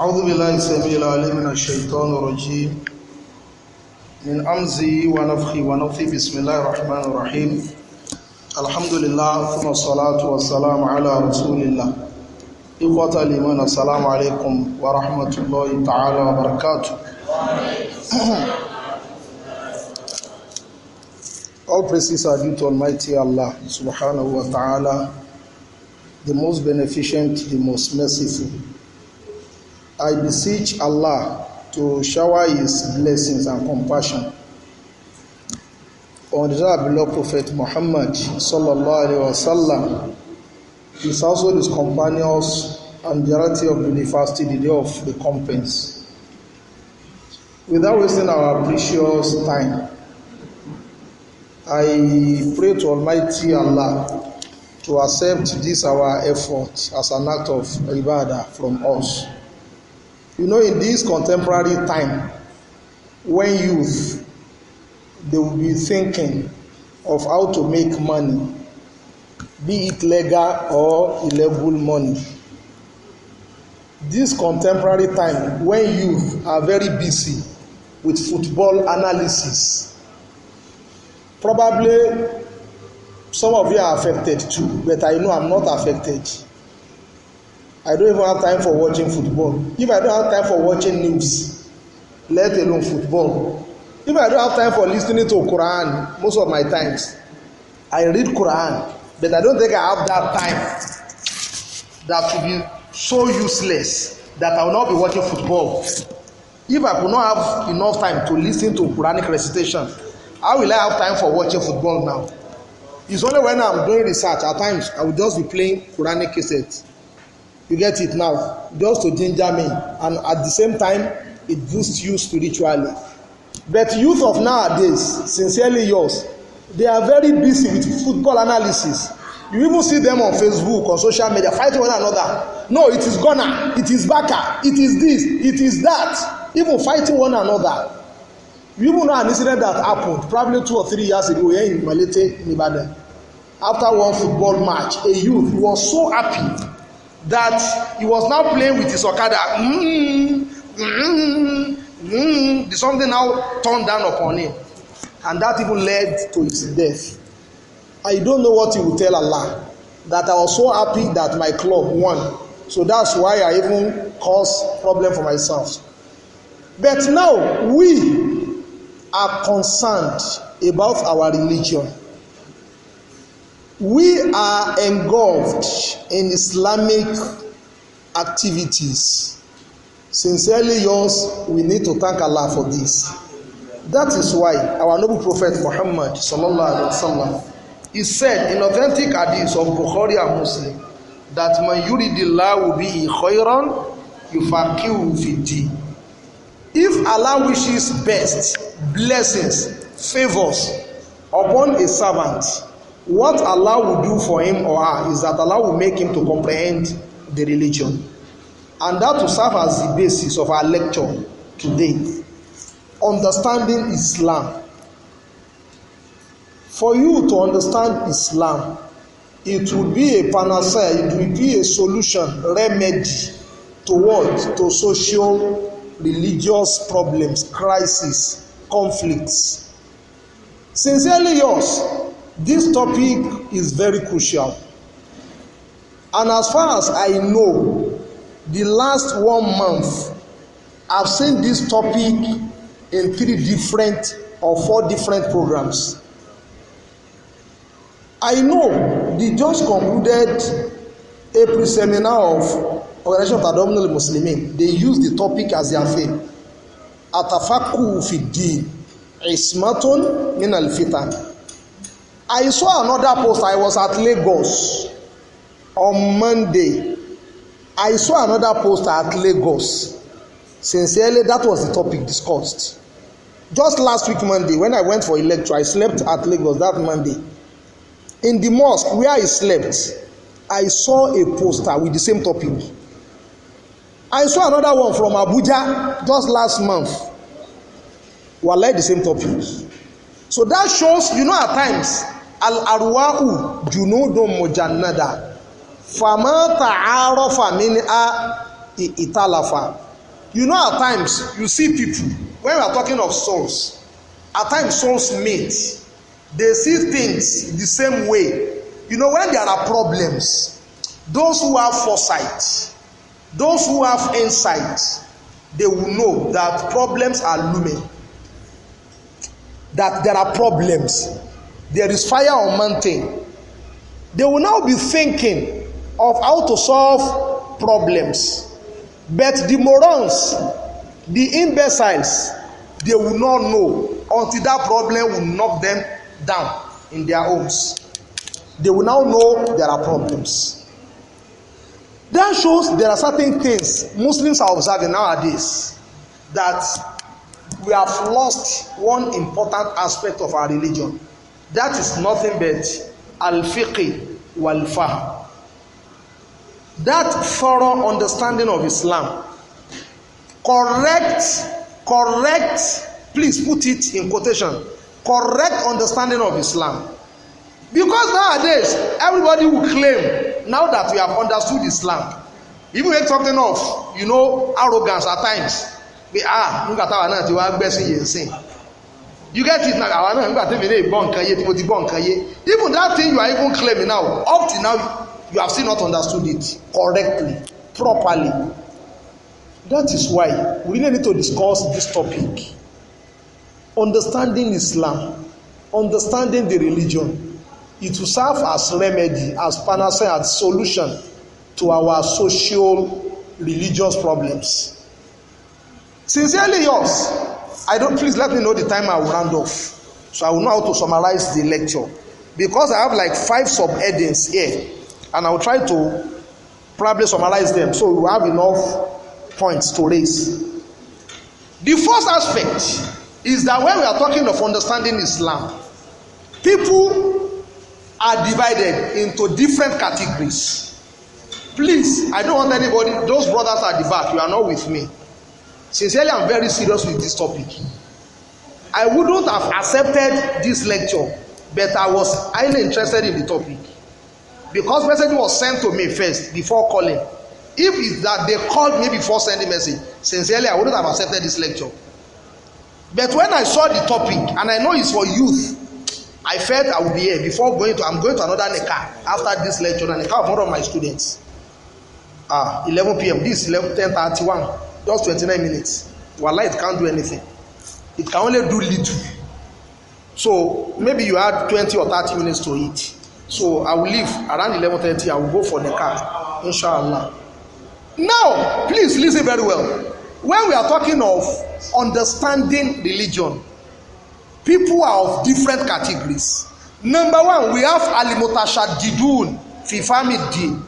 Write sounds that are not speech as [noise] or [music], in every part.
أعوذ بالله السميع العليم من الشيطان الرجيم من أمزي ونفخي ونفثي بسم الله الرحمن الرحيم الحمد لله ثم الصلاة والسلام على رسول الله إخوة الإيمان السلام عليكم ورحمة الله تعالى وبركاته All praises are due to Almighty Allah subhanahu wa ta'ala the most beneficent, the most merciful I beseech Allah to shower his blessings and compassion on the beloved Prophet Muhammad sallallahu alaihi wasallam, his household, his companions, and the reality of believers till the day of recompense. Without wasting our precious time, I pray to Almighty Allah to accept this our effort as an act of ibadah from us. You know, in this contemporary time, when youth, they will be thinking of how to make money, be it legal or illegal money. This contemporary time, when youth are very busy with football analysis, probably some of you are affected too, but I know I'm not affected I don't even have time for watching football. If I don't have time for watching news, let alone football. If I don't have time for listening to Quran, most of my times, I read Quran, but I don't think I have that time that should be so useless that I will not be watching football. If I could not have enough time to listen to Quranic recitation, how will I have time for watching football now? It's only when I'm doing research at times I will just be playing Quranic cassettes you get it now just to ginger me and at the same time it boosts you spiritually but youth of nowadays sincerely yours they are very busy with football analysis you even see them on facebook on social media fighting one another no it is ghana it is baka it is this it is that even fighting one another you even know an incident that happened probably two or three years ago here in malete in ibadan after one football match a youth was so happy that he was now playing with his okada mm, mm, mm, the something now turned down upon him and that even led to his death i don't know what he will tell allah that i was so happy that my club won so that's why i even cause problem for myself but now we are concerned about our religion we are engulfed in Islamic activities. Sincerely yours, we need to thank Allah for this. That is why our noble prophet Muhammad sallallahu alaihi wasallam he said in authentic hadith of Bukhari and Muslim that man yuridillahu bihi khairan yufaqihu fid If Allah wishes best, blessings, favors upon a servant, What Allah will do for him or her is that Allah will make him to comprehend the religion. And that will serve as the basis of our lecture today. Understanding Islam. For you to understand Islam, it will be a panacea, it will be a solution, remedy towards to social, religious problems, crises, conflicts. Sincerely yours, This topic is very crucial. And as far as I know, the last one month, I've seen this topic in three different or four different programs. I know the just concluded a seminar of Organization of Abdominal Muslimin. They use the topic as their theme. Atafaku fi ismaton ismatun min al I saw another post. I was at Lagos on Monday. I saw another post at Lagos. Sincerely, that was the topic discussed. Just last week, Monday, when I went for a lecture, I slept at Lagos that Monday. In the mosque where I slept, I saw a poster with the same topic. I saw another one from Abuja just last month. We are like the same topic. So that shows, you know, at times, al'arwa'u junudun mujannada fama arofa mini a italafa you know at times you see people when we are talking of souls at times souls mate they see things the same way you know when there are problems those who have foresight those who have insight they will know that problems are looming that there are problems there is fire on mountain they will now be thinking of how to solve problems but the morons the imbeciles they will not know until that problem will knock them down in their homes they will now know there are problems that shows there are certain things muslims are observing nowadays that we have lost one important aspect of our religion that is nothing but alfiqi walfa. that thorough understanding of Islam correct correct please put it in quotation correct understanding of Islam because nowadays everybody will claim now that we have understood Islam even make something of you know arrogance at times we ah nígbà táwa náà ti wá gbẹ́sìn yẹn sìn you get it now àwa náà nígbà tẹ́mi lè gbọ́ nǹkan yé tí mo ti gbọ́ nǹkan yé even that thing you are even claiming now up till now you have still not understood it correctly properly that is why we really need to discuss this topic understanding Islam understanding the religion it will serve as remedy as panacea as solution to our social religious problems sincerely yours. I don't, please let me know the time I will round off. So I will know how to summarize the lecture. Because I have like five subheadings here, and I will try to probably summarize them so we will have enough points to raise. The first aspect is that when we are talking of understanding Islam, people are divided into different categories. Please, I don't want anybody, those brothers at the back, you are not with me Sincerely, I'm very serious with this topic. I wouldn't have accepted this lecture, but I was highly interested in the topic because message was sent to me first before calling. If it's that they called me before sending message, sincerely, I wouldn't have accepted this lecture. But when I saw the topic, and I know it's for youth, I felt I would be here before going to. I'm going to another NECA after this lecture, and NECA of one of my students. Ah, 11 p.m. This is 11, 10:31 just twenty nine minutes wallahi it can't do anything it can only do little so maybe you had twenty or thirty minutes to eat so i will leave around eleven thirty i will go for the car inshallah now please listen very well when we are talking of understanding religion people are of different categories number one we have alimotashadidun fifamidin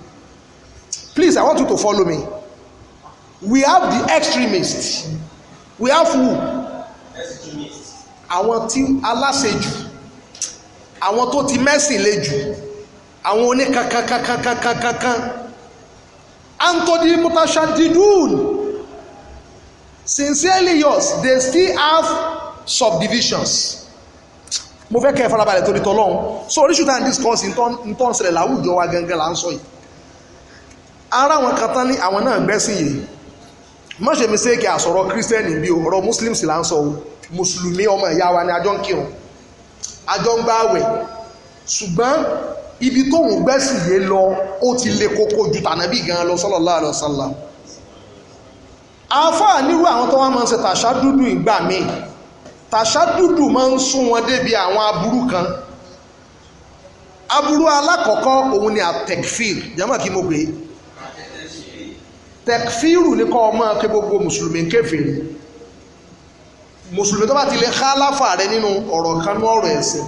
please i want you to follow me we have the extremists we have who àwọn tí aláṣejù àwọn tó ti mẹ́sìn le jù àwọn oníkankankankankankan anthony mutashadidun sincerely yours they still have subdivisions mo fẹ́ kẹ́ ẹ farabalẹ̀ torí tọ́lọ́hún so oríṣi tá à ń discuss ntọ́nsẹ̀lẹ̀ láwùjọ wa gangan là ń sọ yìí ara àwọn kan tán ní àwọn náà gbẹ́sìn yìí má ṣe mistake àsọ̀rọ̀ kírísítẹ́nì bí ọ̀rọ̀ muslims là ń sọ o mùsùlùmí ọmọ ìyá wa ni àjọ ń kírun àjọ ń bá àwẹ̀ ṣùgbọ́n ibi tóun gbẹ́sì yé lọ ó ti le koko ju tànàbí gan lọ sallallahu alaihi wasallam àáfàá nírú àwọn tó wá máa ń ṣe tàṣà dúdú ìgbà míì tàṣà dúdú máa ń sún wọn débi àwọn aburú kan aburú alákọ̀ọ́kọ́ òun ni àtẹ̀kfíìr jẹ́mọ̀ kí mo pè tẹkfíìrù ní kọ́ ọmọ kí gbogbo mùsùlùmí ń kèfèrí mùsùlùmí tó bá ti lè khalafa rẹ nínú ọ̀rọ̀ kan ní ọ̀rọ̀ ẹ̀sìn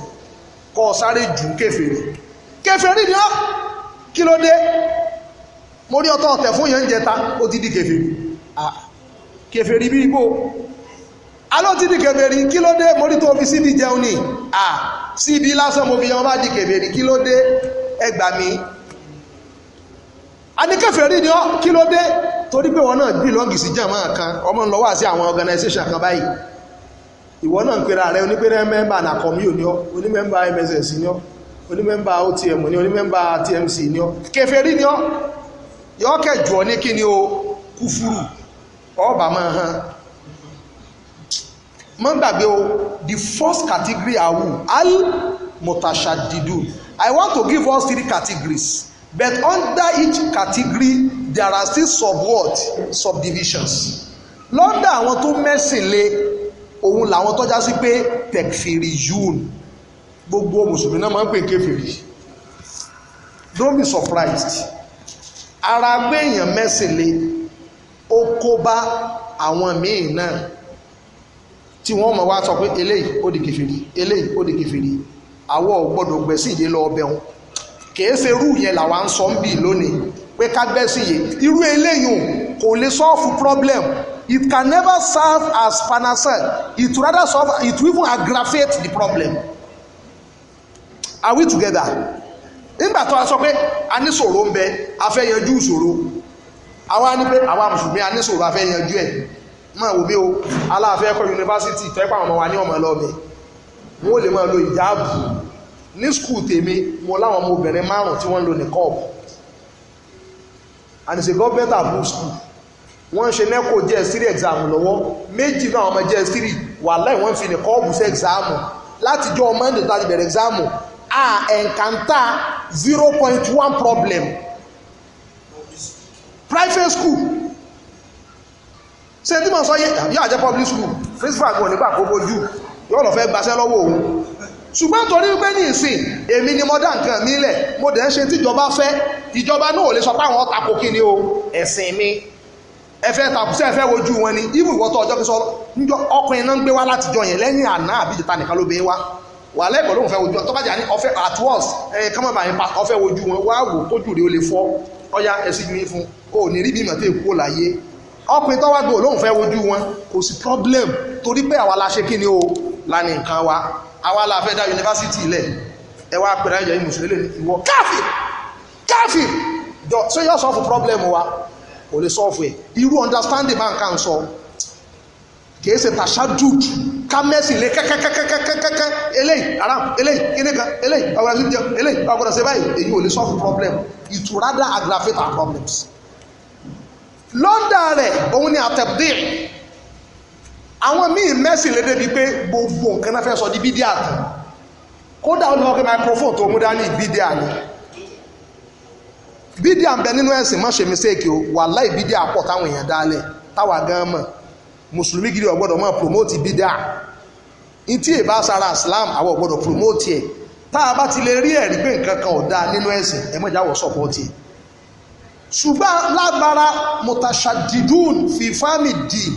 kọ́ ọ sáré jù kèfèrí kèfèrí ni ọ́ kí ló dé mo rí ọtọ́ ọ̀tẹ̀ fún yẹn jẹta ó ti di kèfèrí kèfèrí bí igbó aló ti di kèfèrí kí ló dé mo rí tó fi síbi jẹun ni síbi lásán mo fi jẹun bá di kèfèrí kí ló dé ẹ gbà aníkẹ́fẹ̀ẹ́rí ni ọ́ kí ló dé torí pé wọn náà bílọ́ǹgì sí jàmá kan ọmọ ń lọ wá sí àwọn organisation kan báyìí ìwọ náà ń pera rẹ onípẹ́rẹ́ mẹmbà nàkọ́mí ò ní ọ́ mss ní ọ onímẹ́mbà otm ní tmc ní ọ́ ọ kẹjọ kí ni o ọba máa hàn gbàgbé o the first category awu al i want to give us three categories But under each category there are still sub what subdivisions. Lọ́dà àwọn tó mẹ́sìn lé òun làwọn tọ́já sí pé tẹ̀kfìrì yún gbogbo mùsùlùmí náà máa ń pè kéfìrì. Don't be surprised. Ara gbé èèyàn mẹ́sìn lé ó kó bá àwọn míì náà tí wọ́n mọ̀ wá sọ pé eléyìí ó di kèfèrí eléyìí ó di kèfèrí àwọ̀ gbọ́dọ̀ gbẹ̀sìn ìdè lọ ọbẹ̀ kìí ṣe irú yẹn làwa ń sọ ń bì lónìí pé ká gbẹ́sìn irú eléyìí kò lè solve problem it can never serve as panacea it rather solve it will even aggravate the problem are we together nígbà tó a sọ pé a ní ṣòro ń bẹ a fẹ́ yanjú ìṣòro àwa ní pé àwa mùsùlùmí a ní ṣòro a fẹ́ yanjú ẹ̀ máa wò bí o aláàfẹ́ ẹ̀kọ́ yunifásitì tẹ́pọ̀ àwọn wa ní ọmọ ẹlọ́ọ̀bẹ̀ wọ́n lè máa lo ìjáàbù ní skul tèmi mo láwọn ọmọ obìnrin márùn tí wọ́n ń lo nìkọ́ọ̀bù and it's a government approved school wọ́n ń ṣe neco js3 exam lọ́wọ́ méjì náà ọmọ js3 wà láì wọ́n fi nìkọ́ọ̀bù sí exam látijọ́ monday tá a ti bẹ̀rẹ̀ exam a ẹ̀ǹkàntà zero point one problem private school ṣé tí mo sọ yẹ àbí àjẹ public school principal kò nígbà kó bójú yóò lọ fẹ́ gbaṣẹ́ lọ́wọ́ òun ṣùgbọ́n torí pé ní ìsìn èmi ni mo dá nǹkan mi lẹ̀ mo dẹ̀ ń ṣe tíjọba fẹ́ ìjọba náà ò lè sọ pé àwọn tako kí ni o ẹ̀sìn mi ẹ fẹ́ tàkùsẹ́ ẹ fẹ́ wojú wọn ni ibu ìwọ́tọ̀ ọjọ́ kí sọ ọkùnrin náà ń gbé wá látijọ́ yẹn lẹ́yìn àná àbí ìjọta nìkan ló bẹ wá wà lẹ́gbọ̀n lóun fẹ́ wojú wọn ní ọfẹ́ at once ẹ kọ́mọ̀ bá yẹn pa ọfẹ́ wojú wọn wá wò kójú rẹ̀ ó lè fọ́ ọya ẹ̀sìn mi fún o ò ní rí bímọ tó èkó láyé ọkùnrin tọ́wá gbé òun fẹ́ wojú wọn kò sí problem torí pé àwa la ṣe kí ni o lánìí nǹkan wa àwa la fẹ́ dá yunifásitì ilẹ̀ ẹ wá pẹ̀lú ayẹyẹ mùsùlùmí lè ìwọ káfí káfí jọ ṣé yóò sọ́ọ̀fù pọ́blẹ́mù wa kò lè sọ́ọ̀fù ẹ̀ irú understanding máa ń kà ń sọ kìí ṣe tashadud ká mẹ́sìn lé kẹ́kẹ́kẹ́kẹ́kẹ́kẹ́ eléyìí aram eléyìí kíníkan eléyìí ọgbọ̀n sí jẹun eléyìí ọgbọ̀n sí báyìí èyí ò lè solve problem it will rather aggravate our problems. lọ́ndà rẹ̀ òun ni àtẹ̀bdíì àwọn míì mẹ́sìn lédè bíi pé gbogbo nǹkan náà fẹ́ sọ di bídíà kan kódà ó lọ pé microphone tó mú dání bídíà ni bídíà ń bẹ nínú ẹ̀sìn má ṣe mistake o wàláì bídíà pọ̀ táwọn èèyàn dálẹ̀ táwa gan mọ̀ mùsùlùmí gidi ò gbọ́dọ̀ promote bídíà ní tí èèbá sara Islam àwọn ò promote ẹ̀ tá a bá ti lè rí ẹ̀rí pé nǹkan kan ò dáa nínú ẹ̀sìn ẹ mọ̀ ìjáwọ̀ support ẹ̀ ṣùgbọ́n lágbára mutashadidun fífámì dìí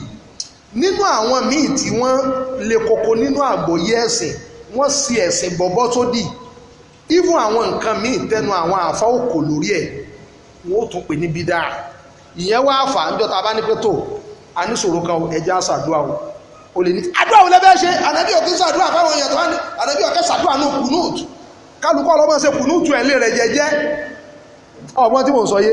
nínú àwọn míì tí wọ́n lè koko nínú àgbòyé ẹ̀sìn wọ́n sì ẹ̀sìn bọ̀bọ́ tó dì even àwọn nǹkan míì tẹnu àwọn àfa òkò lórí ẹ̀ wọ́n ó tún pè ní bídà ìyẹn wá fà á ń jọta bá ní pé tó a ní sọ̀rọ̀ kan ẹja ṣàdúrà o o lè ní àdúrà wo lẹ́fẹ́ ṣe ànábì òkè ṣàdúrà fáwọn èèyàn tó wá ní ànábì òkè ṣàdúrà náà kùnúùtù kálukọ́ ọlọ́mọ ṣe kùnúùtù ẹ̀ lé rẹ̀ jẹ́jẹ́ ọgbọ́n tí mò ń sọ yé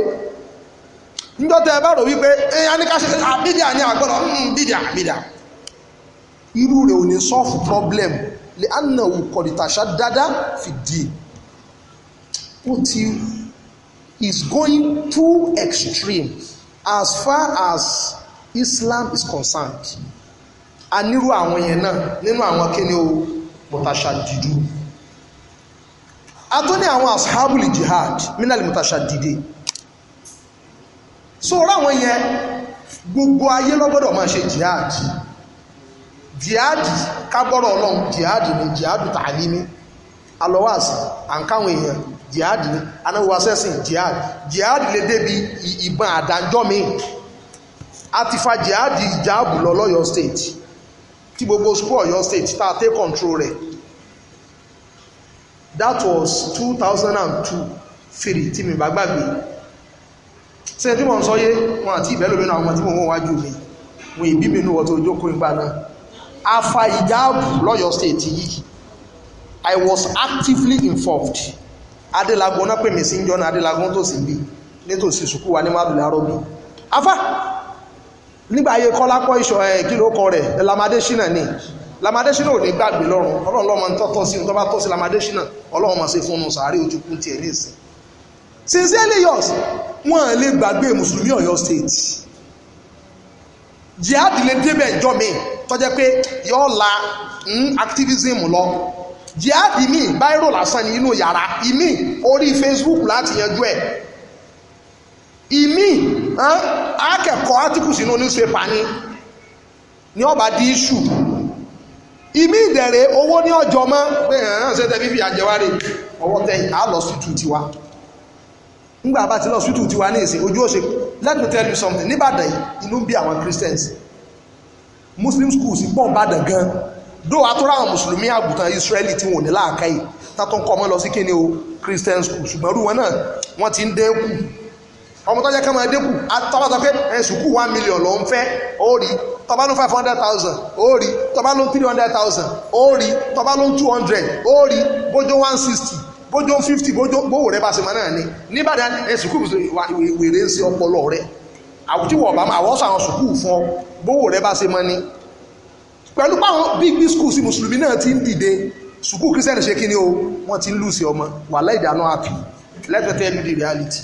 níjọ́ tẹ́ ẹ bá rò wípé ẹ̀yà ní ká ṣe àbídà ní àgbọ̀nà bídà bídà irú rẹ̀ ò ní solve problem lè ànà òkòrìtàṣà dáadáa fìdí ó ti is going too extreme as far as Islam is concerned a nírú àwọn yẹn náà nínú àwọn kíni o mọ̀tàṣà dìdú a tó ní àwọn ashabul jihad minal mọ̀tàṣà dìde so ráwọn yẹn gbogbo ayé lọ́gbọ́dọ̀ máa ṣe jihad jihad kágbọ́rọ̀ ọlọ́run jihad ni jihad tààlímí alọ́wàsí àǹkáwọn èèyàn jihad ni anáwọ̀ sẹ́sìn jihad jihad lè débi ìbọn àdánjọ́ mi a ti fa jihad ìjáàbù lọ lọ́yọ̀ state tí gbogbo school Ọ̀yọ́ state ta take control rẹ̀ that was two thousand and two three tí mi bá gbàgbé ṣe tí mo ń sọ yé wọn àti ìbẹ́lò mẹ́nu àwọn mo wọ́n wájú mi wọn ìbí mi nú wọ́n tó jókòó ìgbà náà afa ìjáàbù lọ́yọ̀ state yìí I was actively involved adélagun náà pè mí sí njọ́nà adélagun tó sì bí nítòsí sùkú wa ní mádùlá arọ́bí afá nígbà ayé kọ́lápọ̀ ìṣọ̀ ẹ̀ kí ló kọ rẹ̀ lamadéṣínà ni lamadéṣínà ò ní gbàgbé lọ́rùn ọlọ́run lọ́mọ ń tọ́tọ́ sí ní tọ́ bá tọ́ sí lamadéṣínà ọlọ́run mọ̀ sí fún un sàárè ojú kú tiẹ̀ ní ìsìn sincerely yours wọn lè gbàgbé mùsùlùmí Ọ̀yọ́ state jihad lè débẹ̀ ìjọ mi tọ́jẹ́ pé yóò la hmm, activism lọ jihad mi báírò lásán ní inú yàrá ìmí orí facebook láti yanjú ẹ̀ ìmí akẹ́kọ̀ọ́ articles inú newspaper ni ni ọba di issue ìmí ìdẹ̀rẹ̀ owó ní ọjọ́ mọ́ pé ẹ̀hán ṣe tẹ́ fífi àjẹwárí ọwọ́ tẹ́yìn á lọ sí tu tiwa ńgbà bá ti lọ sùtù ti wà ní ìsìn ojú òṣè let me tell you something nìbàdàn inú ń bí àwọn christians muslim schools pọ̀ ìbàdàn gan dó àtúrà àwọn mùsùlùmí àgùntàn israeli tí wọn ò ní láàká yìí tátọ́ ń kọ́ ọmọ lọ sí kíni o christian school ṣùgbọ́n irú wọn náà wọ́n ti ń dẹ́kù ọmọ tó jẹ́ ká máa dẹ́kù àtọ́wọ́ sọ pé ẹ̀ sùkú one million ló ń fẹ́ ó rí tọ́ba ló five hundred thousand ó rí tọ́ba ló three hundred thousand ó rí two hundred ó rí one sixty bójó fifty bójó gbówó rẹ bá ṣe máa náà ni nígbàdàn ẹ sùkúù wèrè ń ṣe ọpọlọ rẹ àwùjíwọ̀ ọ̀bá àwọn sàwọn sùkúù fún ọ gbówó rẹ bá ṣe máa ni pẹ̀lú báwọn big big schools mùsùlùmí náà ti ń dìde sùkúù kírísítẹ́nì ṣe kí ni o wọ́n ti ń lù sí ọmọ wà láìdáná àpì let me tell you the reality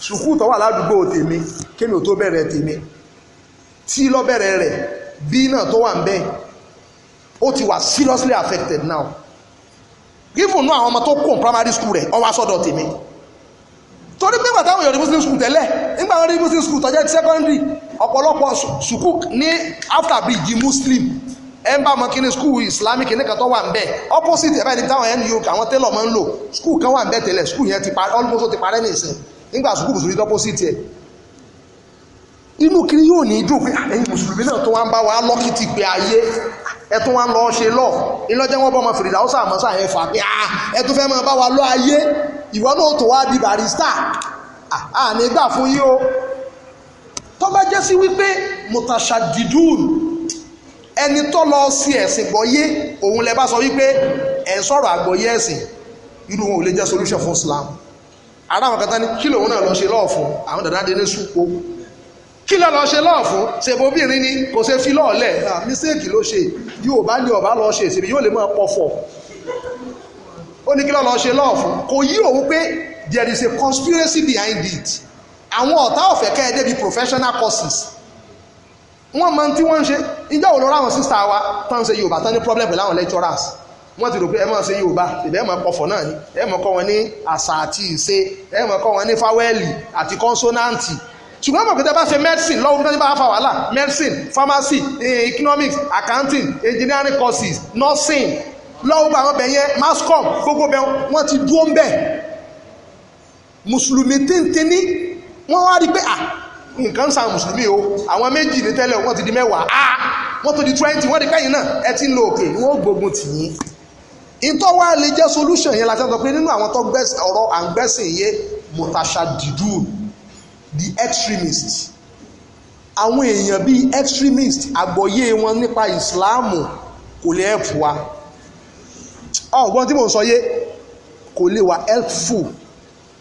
sùkúù tó wà ládùúgbò tèmi kémi ò tó bẹ̀rẹ̀ tèmi tí lọ́bẹ̀rẹ̀ rẹ̀ bí náà tó wà ń bẹ́ẹ̀ ó ti wà seriously affected now gífùnú àwọn ọmọ tó kùn primary school rẹ̀ ọwọ́ asọ́dọ̀ tèmi torí pé ìgbà táwọn èèyàn rí muslim school tẹ́lẹ̀ nígbà wọn rí muslim school tọ́jẹ́ secondary ọ̀pọ̀lọpọ̀ sùkú ní after bridge muslim ẹ̀ ń bá ọmọ kínní school islamic nìkan tó wà ń bẹ̀ opposite ẹ̀ báyìí táwọn nu àwọn tailor máa ń lò school kan wà ń bẹ̀ tẹ́lẹ̀ school yẹn ti parẹ́ almost ti parẹ́ nìsín nígbà sùkú mùsùlùmí tó opposite ẹ̀ inú kiri yóò ní í dùn pé àlẹ́yìn ah, mùsùlùmí náà tó wá ń bá wa lọ́kìtì pé ayé ẹtún wa ń lọ ṣe lọ ìlọjẹ wọn bọ ma fìrìdà ó sàmọ sàyẹn fà pé ah ẹtún fẹ́ máa bá wa lọ ayé ìwọ náà tó wá di barista àní gbà fún yí o tó bá jẹ́ sí wípé mutashadidun ẹni tó lọ sí ẹ̀sìn gbọ́yé òun lẹ bá sọ wípé ẹ̀ ń sọ̀rọ̀ àgbọ́yé ẹ̀sìn irú wọn ò lè jẹ́ solution fún Islam ara àwọn kan tán ní kí lòun náà lọ ṣe lọ́ọ̀fún àwọn dàdá dé ní sùpò kí ló lọ ṣe lọ́ọ̀ fún ṣèbó obìnrin ni kò ṣe fi lọ́ọ̀lẹ̀ ah, mísèèkì ló ṣe yóò bá ní ọ̀bá lọ ṣe ṣèbí yóò lè máa pọ̀fọ̀ ó ní kí ló lọ ṣe lọ́ọ̀ fún kò yí òun pé there is a conspiracy behind it àwọn ọ̀tá ọ̀fẹ́ kẹ́ ẹ débi professional courses wọ́n mọ tí wọ́n ń ṣe ìjọ òun lọ́rọ́ àwọn sísá wa tó ń ṣe Yorùbá tó ní problem pẹ̀lú àwọn lecturers wọ́n ti rò pé ẹ máa ṣe Yorùbá ìbẹ́ ẹ máa pọ̀fọ̀ náà ni ẹ máa kọ́ wọn ní àṣà àti ìṣe ẹ máa kọ́ wọn ní fáwẹ́lì àti kọ́nsónáǹtì ṣùgbọ́n mọ̀ pé tẹ́ bá ṣe medicine lọ́wọ́ bí wọ́n ti bá fa wàhálà medicine pharmacy eh, economics accounting engineering courses nursing lọ́wọ́ bá wọn bẹ̀ yẹn mascom gbogbo bẹ̀ wọ́n ti dúró ń bẹ̀ mùsùlùmí tíntínní wọ́n wá rí pé à ah, nǹkan sàn mùsùlùmí o àwọn méjì ní tẹ́lẹ̀ wọ́n ti di mẹ́wàá a ah, wọ́n tó di twenty wọ́n di kẹ́yìn náà ẹ ti ń lo òkè wọ́n gbógun tì yín ìtọ́ wa lè jẹ́ solution yẹn la ti sọ pé nínú àwọn tó ọ̀rọ̀ à ń gbẹ́sìn yé mutasha didun the extremists àwọn èèyàn bíi extremists àgbọ̀yé wọn nípa ìsìláàmù kò lè help wa ọ̀gbọ́n tí mò ń sọ yé kò lè wà helpful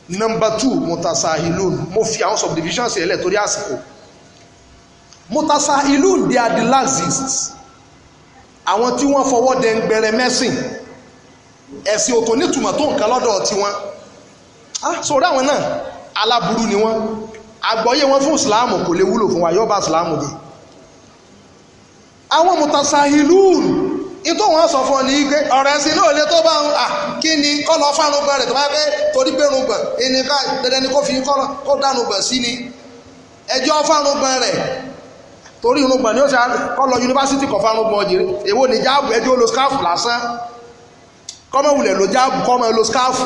number two mutasahilun mo fi àwọn subdivisions yẹn lẹ̀ torí àsìkò mutasahilun they are the laxists àwọn tí wọ́n fọwọ́ dẹ ń gbẹrẹ mẹ́sìn ẹ̀sìn òtò nítumọ̀ tó nǹkan lọ́dọ̀ tiwọn ah sọ̀rọ̀ àwọn náà aláburú ni wọ́n àgbọ́yé wọn fún ìsìláàmù kò lè wúlò fún wa yóò bá ìsìláàmù jẹ́ àwọn mutasahilun ìtò wọn sọ fún ọ ní igbe ọ̀rẹ́ sí náà lè tó bá ń à kí ni kọ́ lọ fárun gbọ́n rẹ̀ tó bá fẹ́ torí pé rùn gbọ̀n ìníká dandan ni kò fi kọ́ dànù gbọ̀n sí ni ẹjọ́ fárun rẹ̀ torí irun ni ó ṣe kọ́ yunifásitì kọ́ fárun gbọ̀n èwo ni jáàbù ẹjọ́ lo skáàfù lásán kọ́mọ̀wulẹ̀ lo jáàbù kọ́mọ̀ lo skáàfù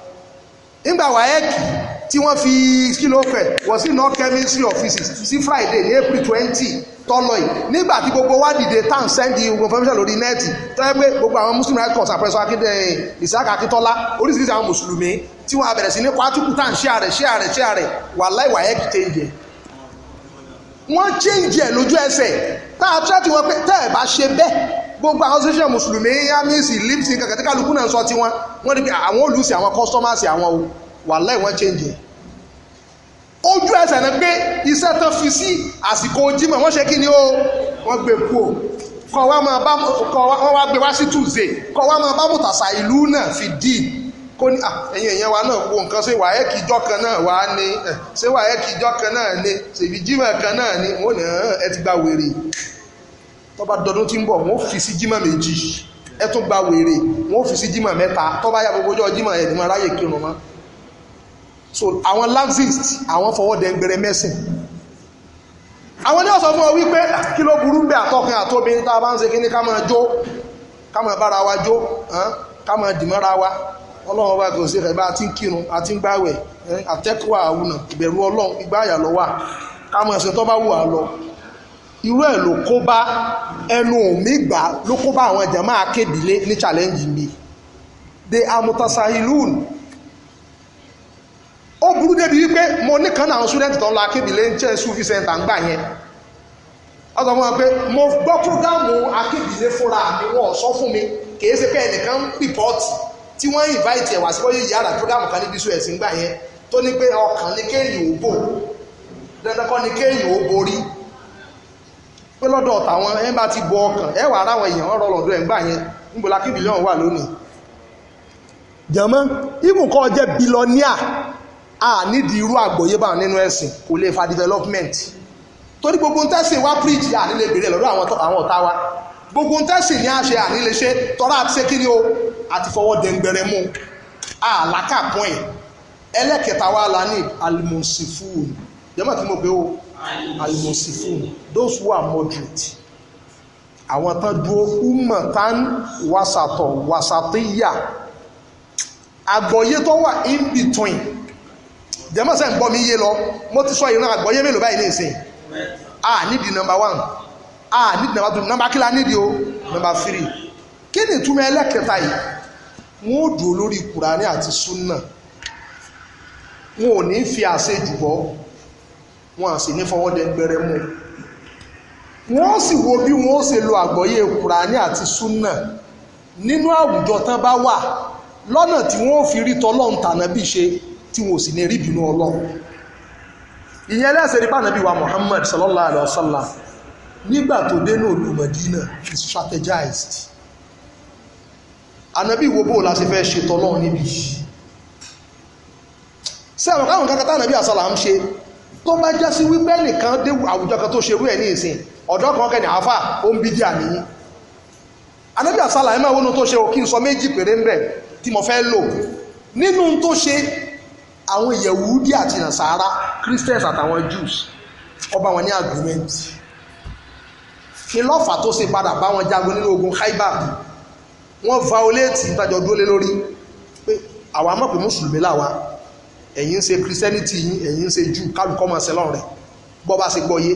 nígbà WAEC tí wọ́n fi kílófẹ̀ wọ́n sì ná chemistry of physics sí Friday ní April twenty tọ́lọ̀ yìí nígbà tí gbogbo wa dìde tán sẹ́ndì information lórí nẹ́ẹ̀tì tọ́lẹ́ pé gbogbo àwọn muslim rights court àpẹẹsọ akéde Isaac Akíntọ́lá oríṣiríṣi àwọn mùsùlùmí tí wọ́n abẹ̀rẹ̀ sí ní pátíkù tán ṣé àrẹ̀ ṣé àrẹ̀ ṣé àrẹ̀ wàláì WAEC change wọ́n change lójú ẹsẹ̀ tá a tẹ́ tí wọ́n pé tẹ́ ẹ̀ bá ṣe bẹ́ẹ̀ gbogbo àwọn ṣíṣẹ́ mùsùlùmí yamisi lipsi kankan tí kálukú náà sọ ti wọn wọ́n ní pé àwọn olùsí àwọn kọ́sọ́mọ́sì àwọn o wàláì wọ́n change ẹ̀ ojú ẹsẹ̀ ni pé iṣẹ́ tó fi sí àsìkò jímọ̀ wọ́n ṣe kí ni ó wọ́n gbé kú o kọ́ wá máa bá kọ́ wọ́n wá gbé wá sí tuesday kọ́ wá máa bá mùtàṣà ìlú náà fi dì í kó ní ẹ̀yìn èèyàn wa náà wo nǹkan ṣé wàá ẹ̀kì ìjọ kan náà wà á ní ṣé wàá ẹ̀kì ìjọ kan náà ní ṣèbí jímọ̀ kan náà ní wọ́n ní ẹ ti gba wèrè tó bá dọdún tí ń bọ̀ wọ́n fi sí jímọ̀ méjì ẹ tún gba wèrè wọ́n fi sí jímọ̀ mẹ́ta tó bá yá gbogbo ọjọ́ jímọ̀ ẹ̀ dìmọ̀ ráyè kírun mọ́ so àwọn laxist àwọn fọwọ́ dẹ̀ ń gbẹrẹ mẹ́sìn àwọn ní ọ̀sán fún ọ wípé ah, kí ló burú bẹ́ àtọkùn àtóbi tá a bá ń ṣe kíní ká máa jó ká máa bára wa jó ká máa dìmọ́ra wa ọlọ́run wa kò sí ẹ̀ bá ti ń kírun àti ń gbáwẹ̀ àtẹ́kọ̀ọ́ àwùnà ìbẹ̀rù ọlọ́run ìgbáyà lọ́wà ká máa ṣe tó bá wù á lọ irú ẹ̀ ló kó bá ẹnu òmí gbà ló kó bá àwọn jàmáà akébílé ní challenge mi they are mutasahilun ó burú débi wípé mo nìkan náà àwọn student tó ń lọ akébílé ń jẹ́ sufi center ń gbà yẹn wọ́n sọ fún wa pé mo gbọ́ programu akébílé fúnra mi wọ́n sọ fún mi kìí ṣe pé ẹnìkan ń pìpọ́tì tí wọ́n invite ẹ̀ wá sí wọ́n yára programu kan níbi sùn ẹ̀sìn gbà yẹn tó ní pé ọkàn ní kéèyàn ò bò dandan kọ́ ní kéèyàn ò borí pé lọ́dọ̀ tàwọn ẹ̀ bá ti bọ ọkàn ẹ̀ wà ara àwọn èèyàn ọ̀rọ̀ lọ́dọ̀ ẹ̀ ń gbà yẹn níbo la kí bílíọ̀n wà lónìí jẹ̀mọ́ ibùn kọ́ jẹ́ bílọ́níà a nídìí irú àgbọ́yé bá nínú ẹ̀sìn kò lè fa development torí gbogbo tẹ́sìn wá preach a nílé béèrè lọ́dọ̀ àwọn ọ̀tá wa gbogbo tẹ́sìn ní àṣẹ àníléṣe tọ́ra àti ṣé kíni o àti fọwọ́ dẹ̀ngbẹ̀rẹ̀ mú àlàkà pọ́ìn ẹlẹ́kẹta wa la ní alimusifun jẹ́mọ̀ kí mo pe o almusifun those who are moderate àwọn tán dúró umatan wasatọ wasatiya àgbọ̀yé tó wà in between jẹ́mọ́sẹ̀ ń gbọ́ mi yé lọ mo ti sọ ìran àgbọ̀yé mélòó báyìí lè ṣe a nídi number one a nídi number two number kílá nídi o number three kí ni ìtumọ̀ ẹlẹ́kẹta yìí wọn ò dúró lórí kùránì àti súnà wọn ò ní fi àṣejù bọ́ wọn à sì ní fọwọ́dẹ pẹrẹ mú wọn sì wo bí wọn ó ṣe lo àgbọ́yé kùránì àti súnà nínú àwùjọ tán bá wà lọ́nà tí wọ́n ò fi rí tọ́lọ́hún tànàbí ṣe tí wọn sì ní rí ìbínú ọlọ́run ìyẹn ẹlẹ́sẹ̀ nípa ànábì wa Muhammad sallallahu alayhi wa sallam nígbà tó dé ní ìlú Madina he strategized ànábì wo bó la ṣe fẹ́ ṣe tọ́lọ́hún níbi yìí sẹ́wọ̀n káwọn kankan tánàbí àsálà ń ṣe tó bá já sí wípé nìkan dé àwùjọ kan tó ṣerú ẹ̀ ní ìsìn ọ̀dọ́ kan kẹ́ni àáfà ó ń bí díà nìyí anábì àsálà ẹ̀ máa wónú tó ṣe o kí n sọ méjì péré ń bẹ̀ tí mo fẹ́ lò nínú tó ṣe àwọn yẹ̀wúdí àti nàṣàrà christians àtàwọn jews ọba wọn ní agreement ìlọ́fà tó ṣe padà bá wọn jagun nínú ogun khaibar wọ́n violate ìtajọ́ dúró lé lórí pé àwa mọ̀ pé mùsùlùmí làwa ẹ̀yin ń ṣe christianity yín ẹ̀yin ń ṣe jù kálukọ́ máa ṣe lọ́rùn rẹ̀ bọ́ bá ṣe gbọ́yé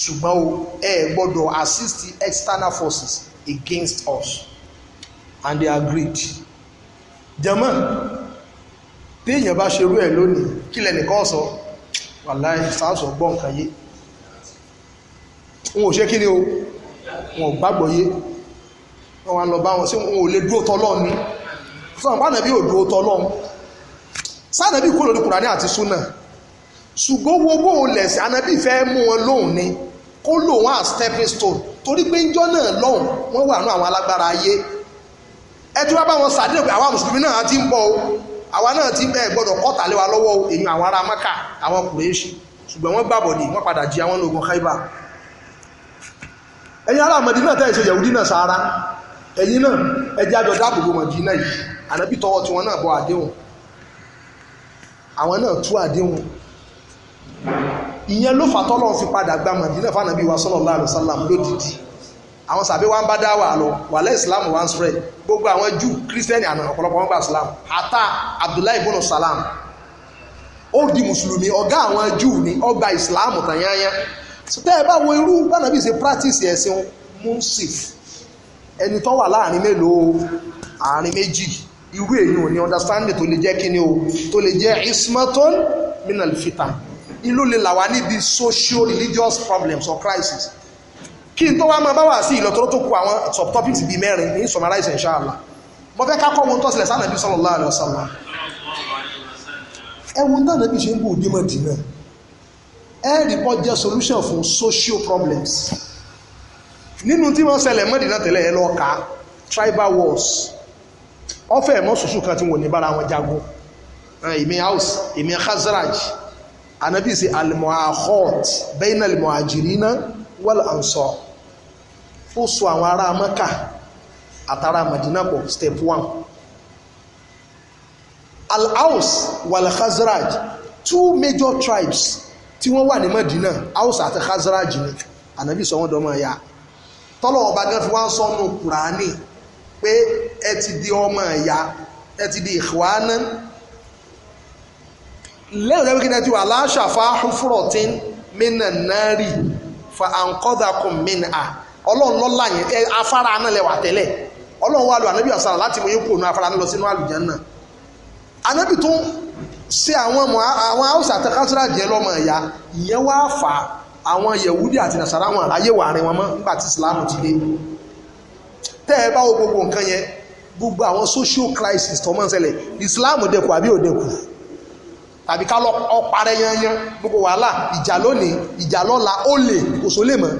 ṣùgbọ́n o ẹ gbọ́dọ̀ assist the external forces against us and they agreed jẹ́mọ́ téèyàn bá ṣerú ẹ̀ lónìí kí lẹ́nìkan sọ wàláì sáàsọ̀ gbọ́ nǹkan yé wọn ò ṣe kí ni o wọn ò gbàgbọ́ yé wọn wá lọ bá wọn sí wọn ò lè dúró tọ́lọ́ ni fún àwọn àbí ò dúró tọ́lọ́ ni sànàbí kúrò lórí kùránì àti súnà ṣùgbọ́n gbogbo lẹ̀sìn ànàbí fẹ́ mú wọn lóhùn ni kó lò wọn stepping stone torí pé njọ́ náà lọ́hùn wọ́n wà nú àwọn alágbára ayé ẹ tí wọ́n bá wọn sàdé pé àwa mùsùlùmí náà ti ń bọ̀ o àwa náà ti bẹ́ẹ̀ gbọ́dọ̀ kọ́ta lé wa lọ́wọ́ o èyàn àwọn ará Mákà àwọn Kùrẹ́ṣì ṣùgbọ́n wọ́n gbàbọ̀ ni wọ́n padà jí àwọn ológun Khaiba ẹ̀yin ará Mádínà tẹ́ ìṣe Yahudi náà sára ẹ̀yin náà ẹjẹ́ àjọ dáàbòbò Mádínà yìí ànábì tọwọ́ tiwọn náà bọ àdéhùn àwọn náà tú àdéhùn ìyẹn ló fà tọ́lọ́ fi padà gba Mádínà fànàbí wa sallallahu alaihi wasallam lódìdí àwọn sàbí wa ń bá dá wà lọ wàlẹ́ islam wa ń spread gbogbo àwọn jù kírísítẹ́nì àná ọ̀pọ̀lọpọ̀ wọn gba islam ata abdullahi ibn salam ó di mùsùlùmí ọ̀gá àwọn jù ní ọgbà islam tàyányá tẹ́ ẹ bá wo irú bánàbí ṣe practice ẹ̀sìn munsif ẹni tó wà láàrin mélòó àárín méjì irú èyàn ní understanding tó lè jẹ́ kí ni o tó lè jẹ́ ismaton minal fitan ìlú lè là níbi social religious problems or crisis kí n tó wá máa bá wà sí ìlọ̀tọ́rọ́ tó kù àwọn subtopics bíi mẹ́rin ní summarize inshallah mo fẹ́ ká kọ́ ohun tó ṣẹlẹ̀ sí Ànábì sallallahu alaihi wasallam ẹ̀wọ̀n tí ṣe ń bò dé Mọ̀dínà ẹ̀ report jẹ́ solution fún social problems nínú tí wọ́n ṣẹlẹ̀ Mọ̀dínà tẹ́lẹ̀ ẹ̀ lọ́ọ́ tribal wars ọfẹ́ mọ́ sùsù kan tí wọ́n ní bára wọn jagun èmi eh, house èmi khazraj anabi ṣe almuahot bayna almuhajirina wal ansar ó so àwọn ará mẹ́kà àtàrà madina pọ̀ step one al-house wal khazraj two major tribes tí wọ́n wà ní madina house àti khazraj ni anabi sọ wọ́n dọ́mọ̀ ya tọ́lọ̀ ọba gan fi wá sọ́nù kùránì pé ẹ ti di ọmọ ìyá ẹ ti di ìhùwánà lẹ́yìn lẹ́yìn kíni ẹ ti wà láṣàfà fúrọ̀tín mínà náà rì fa àǹkọ́dàkùn mínà à ọlọ́run lọ́la yẹn ẹ afárá náà lẹ́wà tẹ́lẹ̀ ọlọ́run wà lọ ànábì àsàrà láti mọ yókù ònà afárá náà lọ sínú àlùjánnà ànábì tó ṣe àwọn ọmọ àwọn haúsá àti kásírà jẹ́ lọ́mọ ìyá ìyẹn wá fà àwọn yẹ̀wúdí àti nàṣàrà wọn àráyé wà rìn wọn mọ́ nígbà tí ìsìlámù ti dé tẹ́ ẹ bá wo gbogbo nǹkan yẹn gbogbo àwọn social crisis tó máa ń ṣẹlẹ̀ Islam dẹkù àbí ò dẹkù tàbí ká lọ ọparẹ́ yanyan gbogbo wàhálà ìjà lónìí ìjà lọ́la ó lè kò só lè mọ́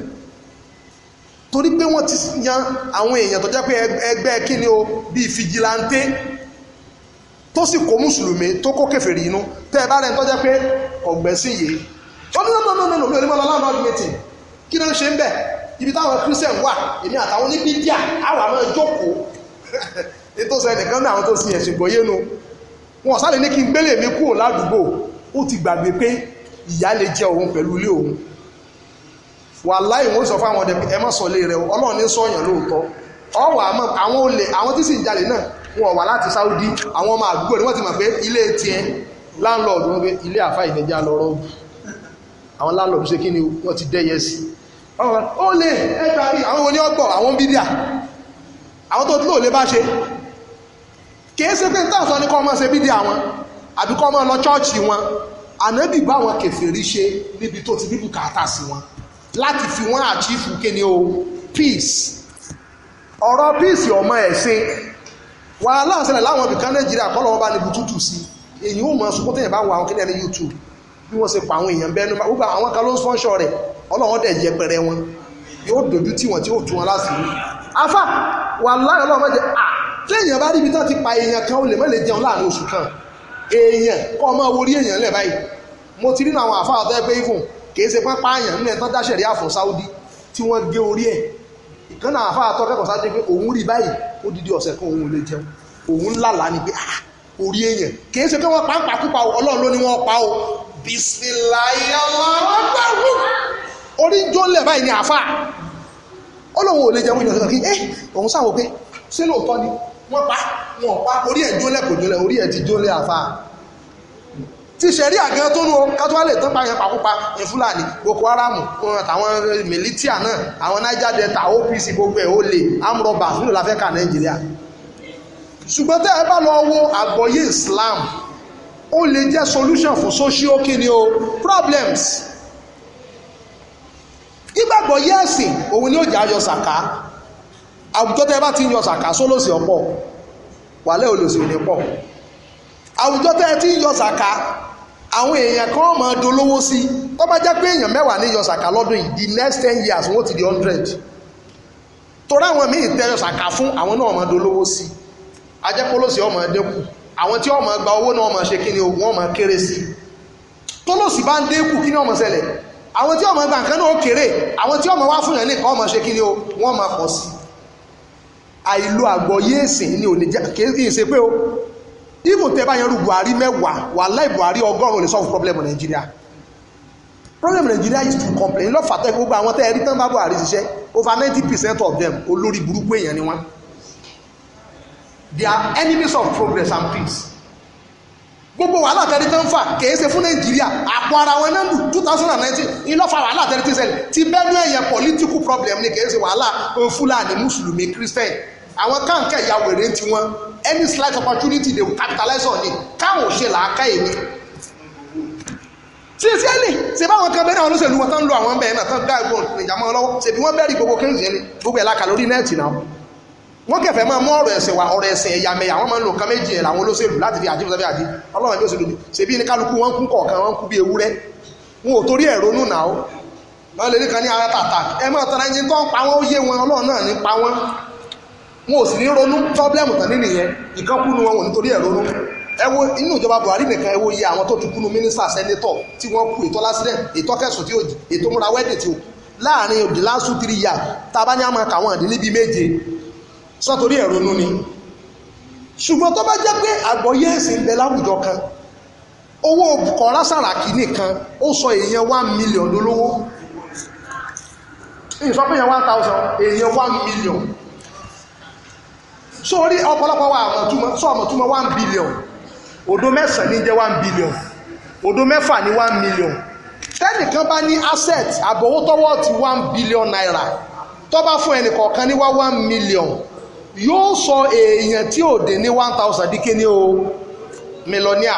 torí pé wọ́n ti yan àwọn èèyàn tó jẹ́ pé ẹgbẹ́ kíni o bíi fìjìláńtẹ́ tó sì kó mùsùlùmí tó kó kèfèrí inú tẹ́ ẹ bá rẹ̀ ń tọ́jẹ́ pé ọ̀gbẹ́sìn yìí ó ní no no no no mi ò ní mọ́ lọ láwọn ọdún mẹ́tì kí ló ń ṣe ń bẹ̀ ibi táwọn christian wà èmi àtàwọn ní bídíà àwọn àmọ́ jókòó [laughs] ètò sọ ẹnìkan ní àwọn tó sin ẹ̀sìn gbọ́yé nu wọn sáré ní kí n gbélé mi kúrò ládùúgbò ó ti gbàgbé pé ìyá lè jẹ òun pẹ̀lú ilé òun wàláì wọn sọ fáwọn ọdẹ ẹ má sọ lé rẹ ọlọ́run ní sọ̀yàn lóòótọ́ ọwọ́ àmọ́ àwọn olè àwọn tí sì ń jalè náà wọn wà láti Saudi àwọn ọmọ àdúgbò ni wọ́n ti mọ̀ pé ilé tiẹ̀ láńlọ́ọ̀dù wọn pé ilé àfáà ìnẹjà lọ́rọ́ àwọn láńlọ́ọ̀dù ṣe kí ni wọ́n ti dẹ́yẹ sí i ó lè ẹgbàá rí àwọn oní ọgbọ̀ àwọn bídíà àwọn tó lò lè bá ṣe kìí ṣe pé níta sọ ní kọ́ ọmọ ṣe bídíà wọn àbí kọ́ ọmọ lọ chọ́ọ̀chì wọn ànábì bá wọn kèfèrí ṣe níbi tó ti bíbù kàtà sí wọn láti fi wọn àchífù kéde o peace ọ̀rọ̀ peace ọmọ ẹ̀sìn wàhálà ṣẹlẹ̀ láwọn ibìkan Nàìjíríà kọ́ lọ́wọ́ bá níbi tútù sí èyí ó mọ̀ ṣùgbọ́n tẹ̀yìn bá wà ó kéde ní YouTube bí wọ́n ṣe pa àwọn èèyàn bẹ́ẹ̀ nípa gbogbo àwọn kan ló ń sponsor rẹ̀ ọlọ́wọ́n dẹ̀ yẹpẹrẹ wọn yóò dojú tí wọ́n tí ó tún wọn afá afa wàláhì ọlọ́wọ́n jẹ́ à èèyàn bá ríbi tán ti pa èèyàn kan ó lè mọ́ lè jẹun láàrin oṣù kan èèyàn kọ́ ọmọ orí èèyàn lẹ̀ báyìí mo ti àwọn ọ̀tọ́ ẹgbẹ́ ifun ṣe bisimilayi aláwọ orí jólè báyìí ni àfa ó lóun ò lè jẹun ìjọsìn kí ẹ òun sáwọ pé ṣé lóòótọ́ ni wọ́n pa wọ́n pa orí ẹ̀ jólè kò jólè orí ẹ̀ ti jólè àfa ti ṣẹ̀rí àgán tó nu kátó wá lè tán pààyàn pàkópa ní fúlàní boko haram àtàwọn militia náà àwọn niger delta opc gbogbo ẹ̀ ó lè amrọ̀bà fúnlò láfẹ́ ká nàìjíríà ṣùgbọ́n tẹ́ ẹ bá lọ wo àgbọ̀yé islam ó lè jẹ́ solution for social kini o problems gbígbàgbọ́ yẹ́ ẹ̀sìn òun ni ó jà yọ sàká àwùjọ tẹ́ bá ti ń yọ sàká sólòsì ọ̀pọ̀ wàlẹ́ olòsì ò ní pọ̀ àwùjọ tẹ́ ti ń yọ sàká àwọn èèyàn kan máa dolówó sí tó bá jẹ́ pé èèyàn mẹ́wàá ní yọ sàká lọ́dún yìí the next ten years wọ́n ti di hundred torí àwọn míì tẹ́ yọ sàká fún àwọn náà máa dolówó sí ajẹ́pọ̀lọ́sì ọmọ ẹ̀dẹ́kù àwọn tí wọ́n máa gba owó náà máa ṣe kí ni wọ́n máa kéré sí tó lòsì bá ń dínkù kí ni wọ́n máa ṣẹlẹ̀ àwọn tí wọ́n máa gba nǹkan náà ó kéré àwọn tí wọ́n máa wá fún yẹn nìkan máa ṣe kí ni wọ́n máa pọ̀ sí àìlò àgbọ́yé ẹ̀sìn ni ò lè jẹ́ kí n ṣe pé o even tẹ́ bá yẹn rú Buhari mẹ́wàá wàláì Buhari ọgọ́rùn-ún lè solve problem Nàìjíríà problem Nigeria is too complex lọ́fà tẹ́ gbogbo àwọn tẹ́ ẹ̀rí tán bá Buhari ṣiṣẹ́ over ninety percent of them olórí burúkú èèyàn ni wọ́n they are enemies of progress and peace gbogbo wàhálà tẹ́lẹ̀ tó ń fà kèé ṣe fún nàìjíríà àpò ara wọn náà lù two thousand and nineteen ìlọ́fà wàhálà tẹ́lẹ̀ tó ń ṣẹlẹ̀ ti bẹ́ẹ̀ni ẹ̀yẹ political problem ni kèé ṣe wàhálà fúlàní mùsùlùmí christian àwọn káǹkà ìyá wèrè ti wọn any slight opportunity they will capitalize on it káwọn ò ṣe làákà èmi. sincerely ṣe báwọn kan bẹ́ẹ̀ náà olóṣèlú wọn tán lo àwọn bẹ́ẹ̀ náà tán dá ìgbọ̀n ìjàmọ́ ọlọ́wọ́ ṣèbí wọ́n bẹ́ẹ̀ rí gbogbo kérésìyẹn ni gbogbo ẹ̀ wọ́n kẹfẹ́ máa mú ọ̀rọ̀ ẹ̀sẹ̀ wa ọ̀rọ̀ ẹ̀sẹ̀ ẹ̀yà mẹ́yà wọ́n máa ń lo nǹkan méjì ẹ̀ làwọn olóṣèlú láti fi àjíǹsọ́ fi àjí ọlọ́run ẹ̀bí òṣèlú ṣe bí ní kálukú wọn ń kú kọ̀ọ̀kan wọn ń kú bí ewúrẹ́ wọn ò torí ẹ̀ ronú náà wọn lè nìkan ní ara tàtà ẹ máa tara ẹni tó ń pa wọn ó yé wọn ọlọ́run náà ní pa wọn wọn ò sì ní ronú pọ́blẹ́mù tán nínú yẹn ìkan kú wọn ò ní torí ẹ̀ ronú ẹ wo inú ìjọba Buhari nìkan ẹ wo iye àwọn tó ti kú nu tí wọ́n kú ètò lásìlẹ̀ ètò kẹsùn tí ó ètò múra wẹ́ẹ̀dì tí ó láàrin òdìlásù three years tá méje sọ́tòrí ẹ̀rọ nú ni ṣùgbọ́n tó bá jẹ́ pé àgbọ̀yé ẹ̀sìn bẹ láwùjọ kan owó kọ̀ọ̀rá sàràkí nìkan ó sọ èèyàn one million dolówó ìsọpéyàn one thousand èèyàn one million sórí ọ̀pọ̀lọpọ̀ wa àmọ̀túmọ̀ sọ àmọ̀túmọ̀ one billion òdo mẹ́sàn-án ní jẹ́ one billion òdo mẹ́fà ní one million tẹ́nìkan bá ní assets àbọ̀wótọ́wọ́ ti one billion naira tó bá fún ẹnì kọ̀ọ̀kan ní wá one million yóò sọ èèyàn tí ò dé ní one thousand díké ní o mílíọ̀nìà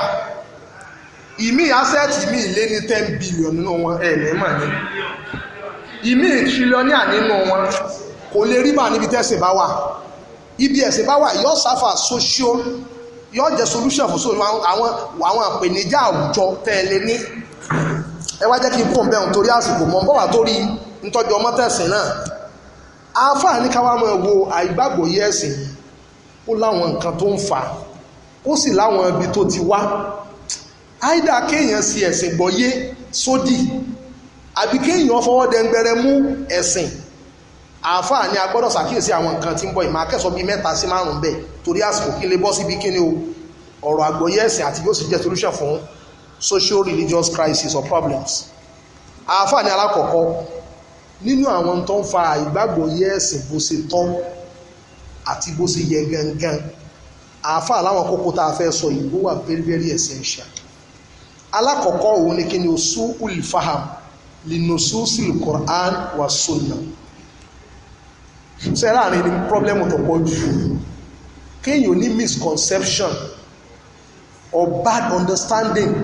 ìmí asset ìmí lé ní ten billion nínú wọn ẹ̀ ní mà ní ìmí trillionià nínú wọn kò lè rí mà níbi tẹ́sìn bá wà ibi ẹ̀sìn bá wà yóò sáfà socio yóò jẹ́ solution fún sóòlù àwọn àwọn àpèníjà àwùjọ tẹ́lẹ̀ ní ẹ wá jẹ́ kí n pọ̀ ń bẹ́ẹ̀ nítorí àsìkò mọ́ bọ́wà torí ntọ́jú ọmọ tẹ̀sìn náà àáfàá ní káwá máa wo àìgbàgbọ́ yẹ ẹ̀sìn ó láwọn nǹkan tó ń fà ó sì láwọn ibi tó ti wá áìdá kéèyàn sí ẹ̀sìn gbọ́yé sódì àbí kéèyàn fọwọ́ dẹngbẹrẹ mú ẹ̀sìn àáfàá ni a gbọ́dọ̀ ṣàkíyèsí àwọn nǹkan tí ń bọ̀ ìmọ̀ akẹ́sọ̀ bíi mẹ́ta sí márùn-ún bẹ́ẹ̀ torí àsìkò kí n lè bọ́ síbi kí ni o ọ̀rọ̀ àgbọ́yé ẹ̀sìn àti yóò sì jẹ́ solution fún social religious crisis or problems àáfàá ni alákọ̀ọ́kọ́ nínú àwọn tó ń fa ìgbàgbọ́ yẹ ẹ̀sìn bó ṣe tọ́ àti bó ṣe yẹ gangan àáfàá láwọn kókó tá a fẹ́ sọ yìí ló wà very very essential alákọ̀ọ́kọ́ òun ni kí ni oṣù ulfaham linosusil Quran wa sunna ṣe láàrin ni problem tó pọ̀ jù kéèyàn ní misconception or bad understanding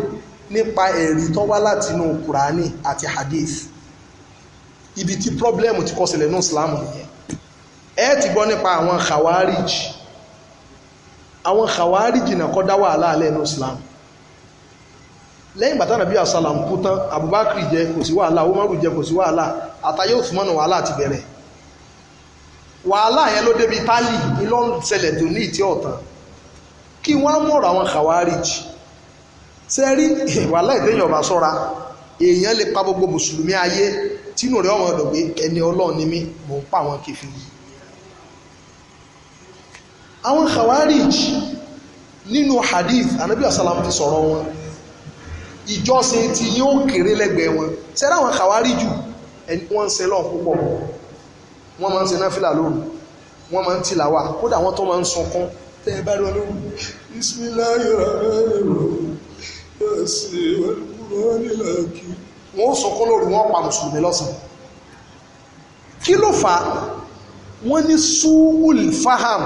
nípa ẹ̀rí tó wá látinú Kùránì àti hadith ibi tí pọ́blẹ́mù ti kọsílẹ̀ ní islam nìyẹn ẹ ti gbọ́ nípa àwọn khawarij àwọn khawarij náà kọ́ dá wàhálà alẹ́ ní islam lẹ́yìn bàtà nàbí asalam kú tán abubakar jẹ kò sí wàhálà umaru jẹ kò sí wàhálà àtàyè usman wàhálà ti bẹ̀rẹ̀ wàhálà yẹn ló débi tálì ilọ́ ṣẹlẹ̀ tó ní ìtí ọ̀tàn kí wọ́n á mọ̀rọ̀ àwọn khawarij ṣe rí wàhálà ìtẹ̀yìn ọ̀bà sọ́ra èèyàn lè pa gbogbo mùsùlùmí ayé tínú rẹ̀ ọmọ ọ̀dọ̀ pé ẹni ọlọ́run ni mí mò ń pa àwọn kẹfìrí àwọn khawarij nínú hadith anabi asalam ti sọ̀rọ̀ wọn ìjọsìn tí yóò kéré lẹ́gbẹ̀ẹ́ wọn sẹ́dá àwọn khawariju wọ́n ń ṣe lọ́ọ̀ púpọ̀ wọ́n máa ń ṣe náfìlà lóru wọ́n máa ń tìlàwà kódà wọ́n tó máa ń sunkún tẹ́ ẹ bá rí wọn lóru bismillahir rahmanir rahim yóò ṣe wọ́n kúrò nílò kí wọ́n ó sọkún lórí wọ́n pa mùsùlùmí lọ́sàn kí ló fà á wọ́n ní suwul faham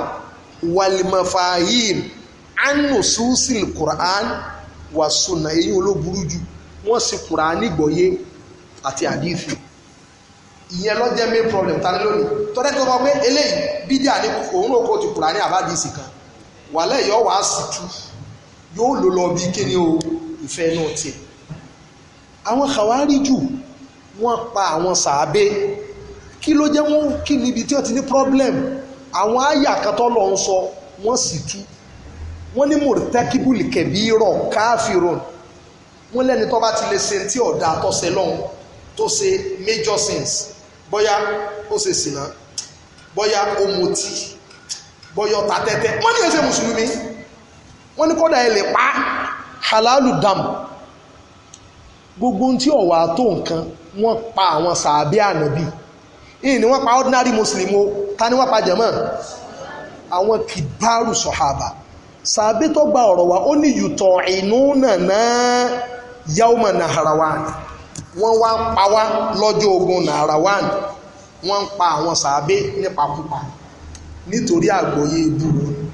walimafahim anu susil quran wa sunna èyí olóburú jù wọ́n sì quran gbọ́yé àti àdífì ìyẹn ló main problem tani lónìí tọ́lá tó bá pé eléyìí bídíà ní òun ló kó ti kùránì àbádìsí kan wàhálà yóò wá sí tu yóò lò lọ bí kíni o ìfẹ́ náà tiẹ̀ àwọn kàwáríjù wọ́n pa àwọn sàábé kí ló jẹ́ wọ́n kí níbi tí wọ́n ti ní problem àwọn àyà kan tó lọ ń sọ wọ́n sì tú wọ́n ní mọ̀tẹ́kíbùlì kẹ̀bí rọ̀ káfíròn wọ́n lẹ́ni tó bá ti lè ṣe tí ọ̀dà tọ́sẹ̀ lọ́hùn tó ṣe major sins bóyá ó ṣe sìnà bóyá ó mutí bóyá ó ta tẹ́tẹ́ wọ́n ní ẹsẹ̀ mùsùlùmí wọ́n ní kódà ẹ lè pa halalu dam gbogbo tí ọ̀wà tó nǹkan wọ́n pa àwọn sàábí ànábì ìyìn ni wọ́n pa ordinary muslim o ta ni wọ́n pa jẹ̀mọ́ àwọn kìbárù sọ̀hábà sàábí tó gba ọ̀rọ̀ wa ó ní yùtọ̀ inú nàná yauma naharawan wọ́n wá ń pa wá lọ́jọ́ ogun naharawan wọ́n ń pa àwọn sàábí nípakúpa nítorí àgbọ́yé ibú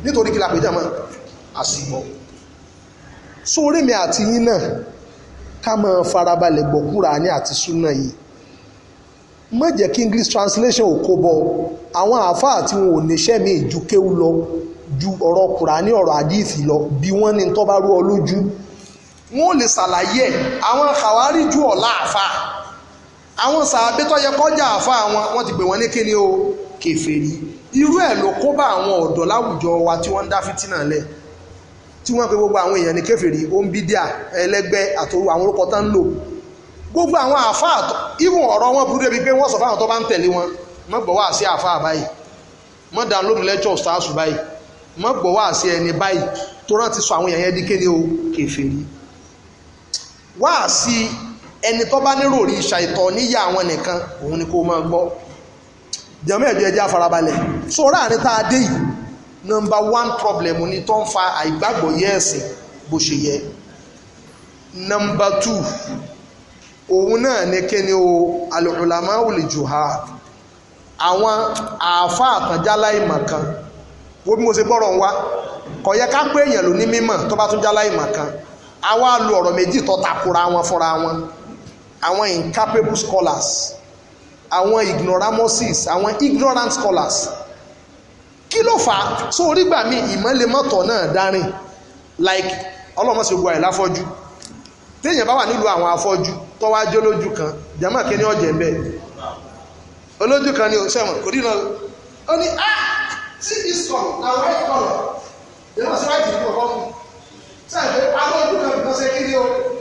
nítorí kí la pè jẹ́mọ́ àsìgbọ́ sórí mi àti yín náà ká máa farabalẹ̀ gbọ́ Kùránì àti súnà yìí má jẹ́ kí English translation ò kó bọ àwọn àáfàá tí wọn ò níṣẹ́ mi ju kéwú lọ ju ọ̀rọ̀ Kùránì ọ̀rọ̀ àdìsí lọ bí wọ́n ní tó bá rú ọ lójú wọn ò lè ṣàlàyé ẹ̀ àwọn kàwárí ju ọ̀la àáfàá àwọn sàábé yẹ kọjá àáfàá wọn wọ́n ti pè wọ́n ní kíni o kèfèrí irú ẹ̀ ló kó bá àwọn ọ̀dọ́ láwùjọ wa tí wọ́n ń dá fìtínà lẹ̀ tí wọ́n pe gbogbo àwọn èèyàn ní kèfèrí ombidia ẹlẹ́gbẹ́ àtòrò àwọn orúkọ tán lò gbogbo àwọn àáfàá ìwọ̀n ọ̀rọ̀ wọn burú débi pé wọ́n sọ fáwọn tó bá ń tẹ̀lé wọn mọ́ gbọ́ wá sí àáfàá báyìí mọ́ download lecture stars báyìí mọ́ gbọ́ wá sí ẹni báyìí tó rántí sọ àwọn èèyàn yẹn di kéde o kèfèrí wá sí ẹni tó bá nírò rí ṣàìtọ̀ níyà àwọn nìkan òun ni kó máa gbọ́ jẹ́mọ́ ẹ̀jọ́ ẹjẹ́ àfarabalẹ̀ sọ ráàrin tá a dé yìí Number one problem ni tó ń fa àìgbàgbọ́ yẹ ẹ̀sìn bó ṣe yẹ nọmba two òun náà ni kíni o alùlámà olùjùhàd àwọn àáfà àtànjálá ìmọ̀ kan wo bí mo ṣe bọ́rọ̀ ń wá kò yẹ ká pé èèyàn ló ní mímọ̀ tó bá tún jálá ìmọ̀ kan àwa lu ọ̀rọ̀ méjì tó takora wọn fúnra wọn àwọn incapable scholars àwọn ignoramuses àwọn ignorant scholars kí ló fà á so orígbà mi ìmọ̀lémọ́tọ̀ náà dárìn like ọlọ́mọ sí gbogbo àìlá fọ́jú téèyàn bá wà nílùú àwọn afọ́jú tó wá jẹ́ olójú kan jàmá kí ni ọ̀jẹ̀ bẹ́ẹ̀ olójú kan ni sẹ́wọ̀n kò dínà ó ní ah see this one na white color jàmá sí white ìlú ọ̀kọ́ mu sẹ́wọ̀n pé alójú kan kò sẹ́ kí ni o.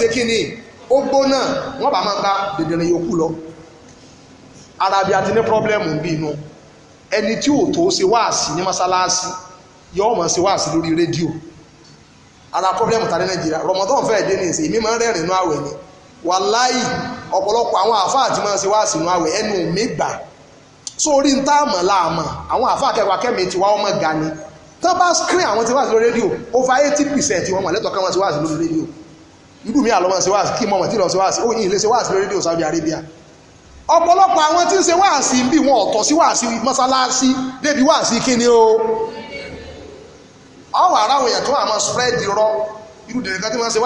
ṣe kí ni ó gbóná wọ́n bá máa gba dèdèrè yòókù lọ ara bí a ti ní pọ́blẹ́mù bí inú ẹni tí ò tó ṣe wáàsí ní mọ́sálásí yóò máa ṣe wáàsí lórí rédíò ara pọ́blẹ́mù tàbí nàìjíríà rọmọdún fẹ́ẹ̀ dé ní ìsìn èmi máa ń rẹ́rìn inú àwẹ̀ ni wàláì ọ̀pọ̀lọpọ̀ àwọn àfáà ti máa ṣe wáàsí inú àwẹ̀ ẹnu mi gbà sórí ń táàmù láàmù àwọn àfáà kẹwàá kẹ́mi tiwa ọmọ ga ni tó bá screen àwọn ti wáàsí lórí rédíò over eighty percent wọn wà lẹ́tọ̀ọ́ káwọn ti wáàsí lórí rédíò irú mi àlọ́mọ ṣe wáàsí kí mọ̀mọ̀ tí lọ ṣe wáàsí ilé ṣe wáàsí lórí ọ̀pọ̀lọpọ̀ àwọn tí ń ṣe bí wọn ọ̀tọ̀ sí mọ́sálásí débi kí ni o ọwọ́ ara àwọn èèyàn tó àmọ́ spread rọ irú dèrè kan tí wọ́n ṣe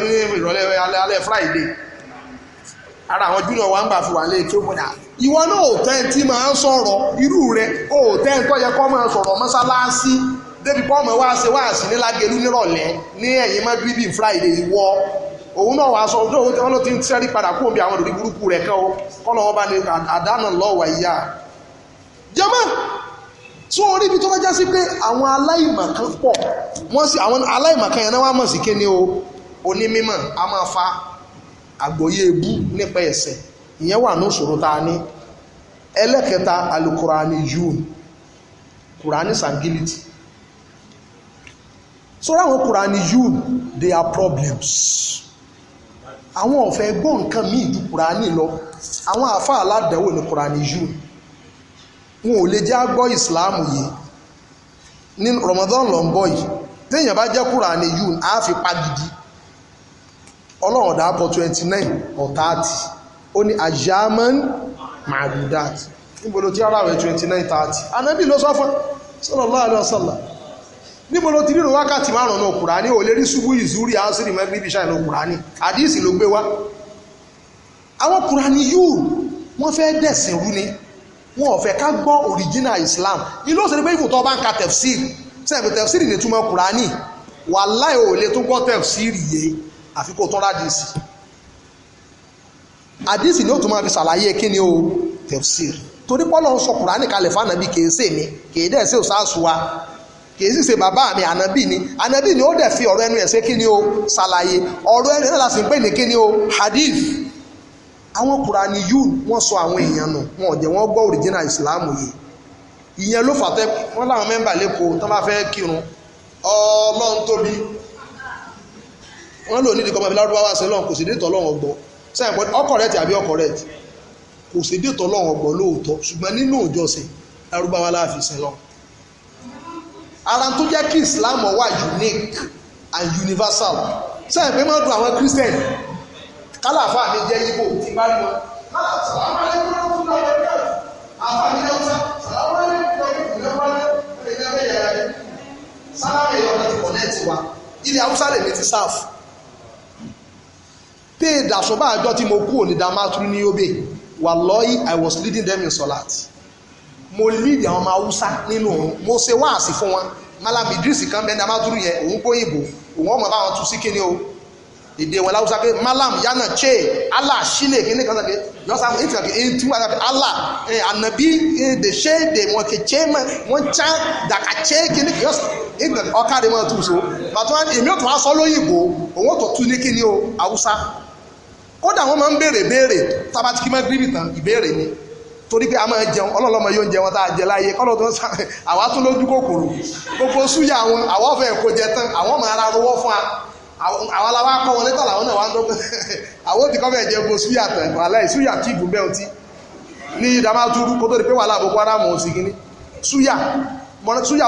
ní ìrọ̀lẹ́ alẹ́ ara àwọn junior wa ń gbà fi wà ó ìwọ náà ò tẹ́ máa ń sọ̀rọ̀ irú débi pọ́ọ̀mù wá ṣe wá sí nílágẹ̀lú nírọ̀lẹ́ ní ẹ̀yìn mọ́gíríbì friday ìwọ òun náà wàá sọ ọdún òun tí wọ́n ló ti ń sẹ́rí padà kó omi àwọn òdòdó burúkú rẹ̀ kan o kọ́nà wọn bá ní àdánà lọ́wọ́ ìyá jẹ́mọ́ tí wọ́n rí ibi tó bá já pé àwọn aláìmọ̀kan pọ̀ wọ́n sì àwọn aláìmọ̀kan yẹn náà wá mọ̀ sí kí ni o onímímọ̀ a máa fa àgbọ́yé ebú nípa ẹ̀sẹ̀ ìyẹn wà ní òṣòro tá a ní ẹlẹ́kẹta alukurani yun kurani sangility so ráwọn kùránì yún they are problems àwọn ọ̀fẹ́ gbọ́ nǹkan míì ju kùránì lọ àwọn àáfà aládàáwò ní kùránì yún wọn ò lè jẹ́ àgbọ́ ìsìláàmù yìí ní Ramadan ló ń bọ̀ yìí téèyàn bá jẹ́ kùránì yún á fi pa gidi ọlọ́run dàpọ̀ twenty nine or thirty ó ní ajaman ma'adudat níbo ló ti ara rẹ̀ twenty nine thirty anabi ló sọ fún sallallahu alaihi wasallam níbo ló ti rí wákàtí márùn-ún náà kùránì ò lè rí ṣubú ìzúrí àásìrì mẹ́gbẹ́bí ṣáà ló kùránì àdíìsì ló gbé wá àwọn kùránì yóò wọ́n fẹ́ dẹ̀sìn rú ni wọn ò fẹ́ ká gbọ́ original Islam ilé òsèré pé ìfòtọ́ bá ń ka tefsir sẹ́ẹ̀fẹ̀ tefsir ní túmọ̀ kùránì wàláì ò lè tó gbọ́ tefsir yìí àfi kó tán rádìsì àdìsì ni ó tún máa fi ṣàlàyé kí ni o tefsir torí pé sọ kùránì kalẹ̀ fún kèé sèmi kèé dẹ̀ sí òsáàsù kìí sì ṣe bàbá mi ànábì ni ànábì ni ó dẹ̀ fi ọ̀rọ̀ ẹnu ẹ̀ ṣe kí ni o ṣàlàyé ọ̀rọ̀ ẹnu náà láti pè ní kí ni o hadith àwọn kùránì yù wọ́n sọ àwọn èèyàn nù wọn ò jẹ́ wọ́n gbọ́ original islam yìí ìyẹn ló fàtẹ́ wọ́n láwọn mẹ́mbà lẹ́kọ̀ọ́ tó máa fẹ́ kírun ọlọ́run tóbi wọ́n lò nídìí kọ́mọ́ ìlàrúbáwá sí lọ́run kò sì dìtọ̀ lọ́run ọgbọ́ sẹ́yìn pé ọkọ̀ ara tó jẹ́ kí islam wà unique and universal sẹ́yìn pé máa dùn àwọn christian kálàfà mi jẹ́ ibo tí bá lọ. sàlámù alẹ́kùn ló fún ọmọ ẹgbẹ́ àfààní ọ̀sá sàlámù alẹ́kùn ló fún ọmọ ẹgbẹ́ ẹgbẹ́ yẹra rẹ sálámù ẹ̀yọ́ ọ̀nà ti kọ̀nẹ́ẹ̀tì wa ilẹ̀ haúsá lè mi ti sáàfù. pé ìdàsọ́bà àjọ tí mo kú òní dàmátúrú ní yóbè wà lọ́yì I was leading them in salat. So mo líìdì àwọn ọmọ haúsá nínú òun mo ṣe wáàsí fún wọn malami idris kan bẹ́ẹ̀ ní yẹn òun gbóyìnbó òun ọmọ báwọn tu sí kíni o èdè wọn láwùsá pé malam yánà che allah sílè kíní kan sàké yọsà mú ìtìlá kí èyí tí wọn sàké allah ànàbí èdè ṣe èdè wọn kì che mọ wọn chá dàkà che kíní kì yọsà ìgbà ọkàdé máa tù so bàtú èmi ò tún aṣọ lóyìnbó òun ò tún ní kíni o haúsá kódà wọn máa ń béèrè béèrè tabatikí máa gírí tán ìbéèrè ni torí pé a máa jẹun ọlọ́lọ́mọ yóò jẹun tá a láàyè kọ́lọ́ tó ń sá àwa kòkòrò gbogbo súyà wọn àwa ọ̀fẹ́ kò jẹ tán àwọn ọmọ ara rọwọ́ fún wa àwa la wá wọn létà làwọn náà ń dọ́gbọ́n [laughs] àwọn kọ́ fẹ́ jẹ gbogbo súyà tán súyà ìbùn bẹ́ẹ̀ ti ní ìdámátúrú kó tó di pé wàhálà Boko Haram súyà súyà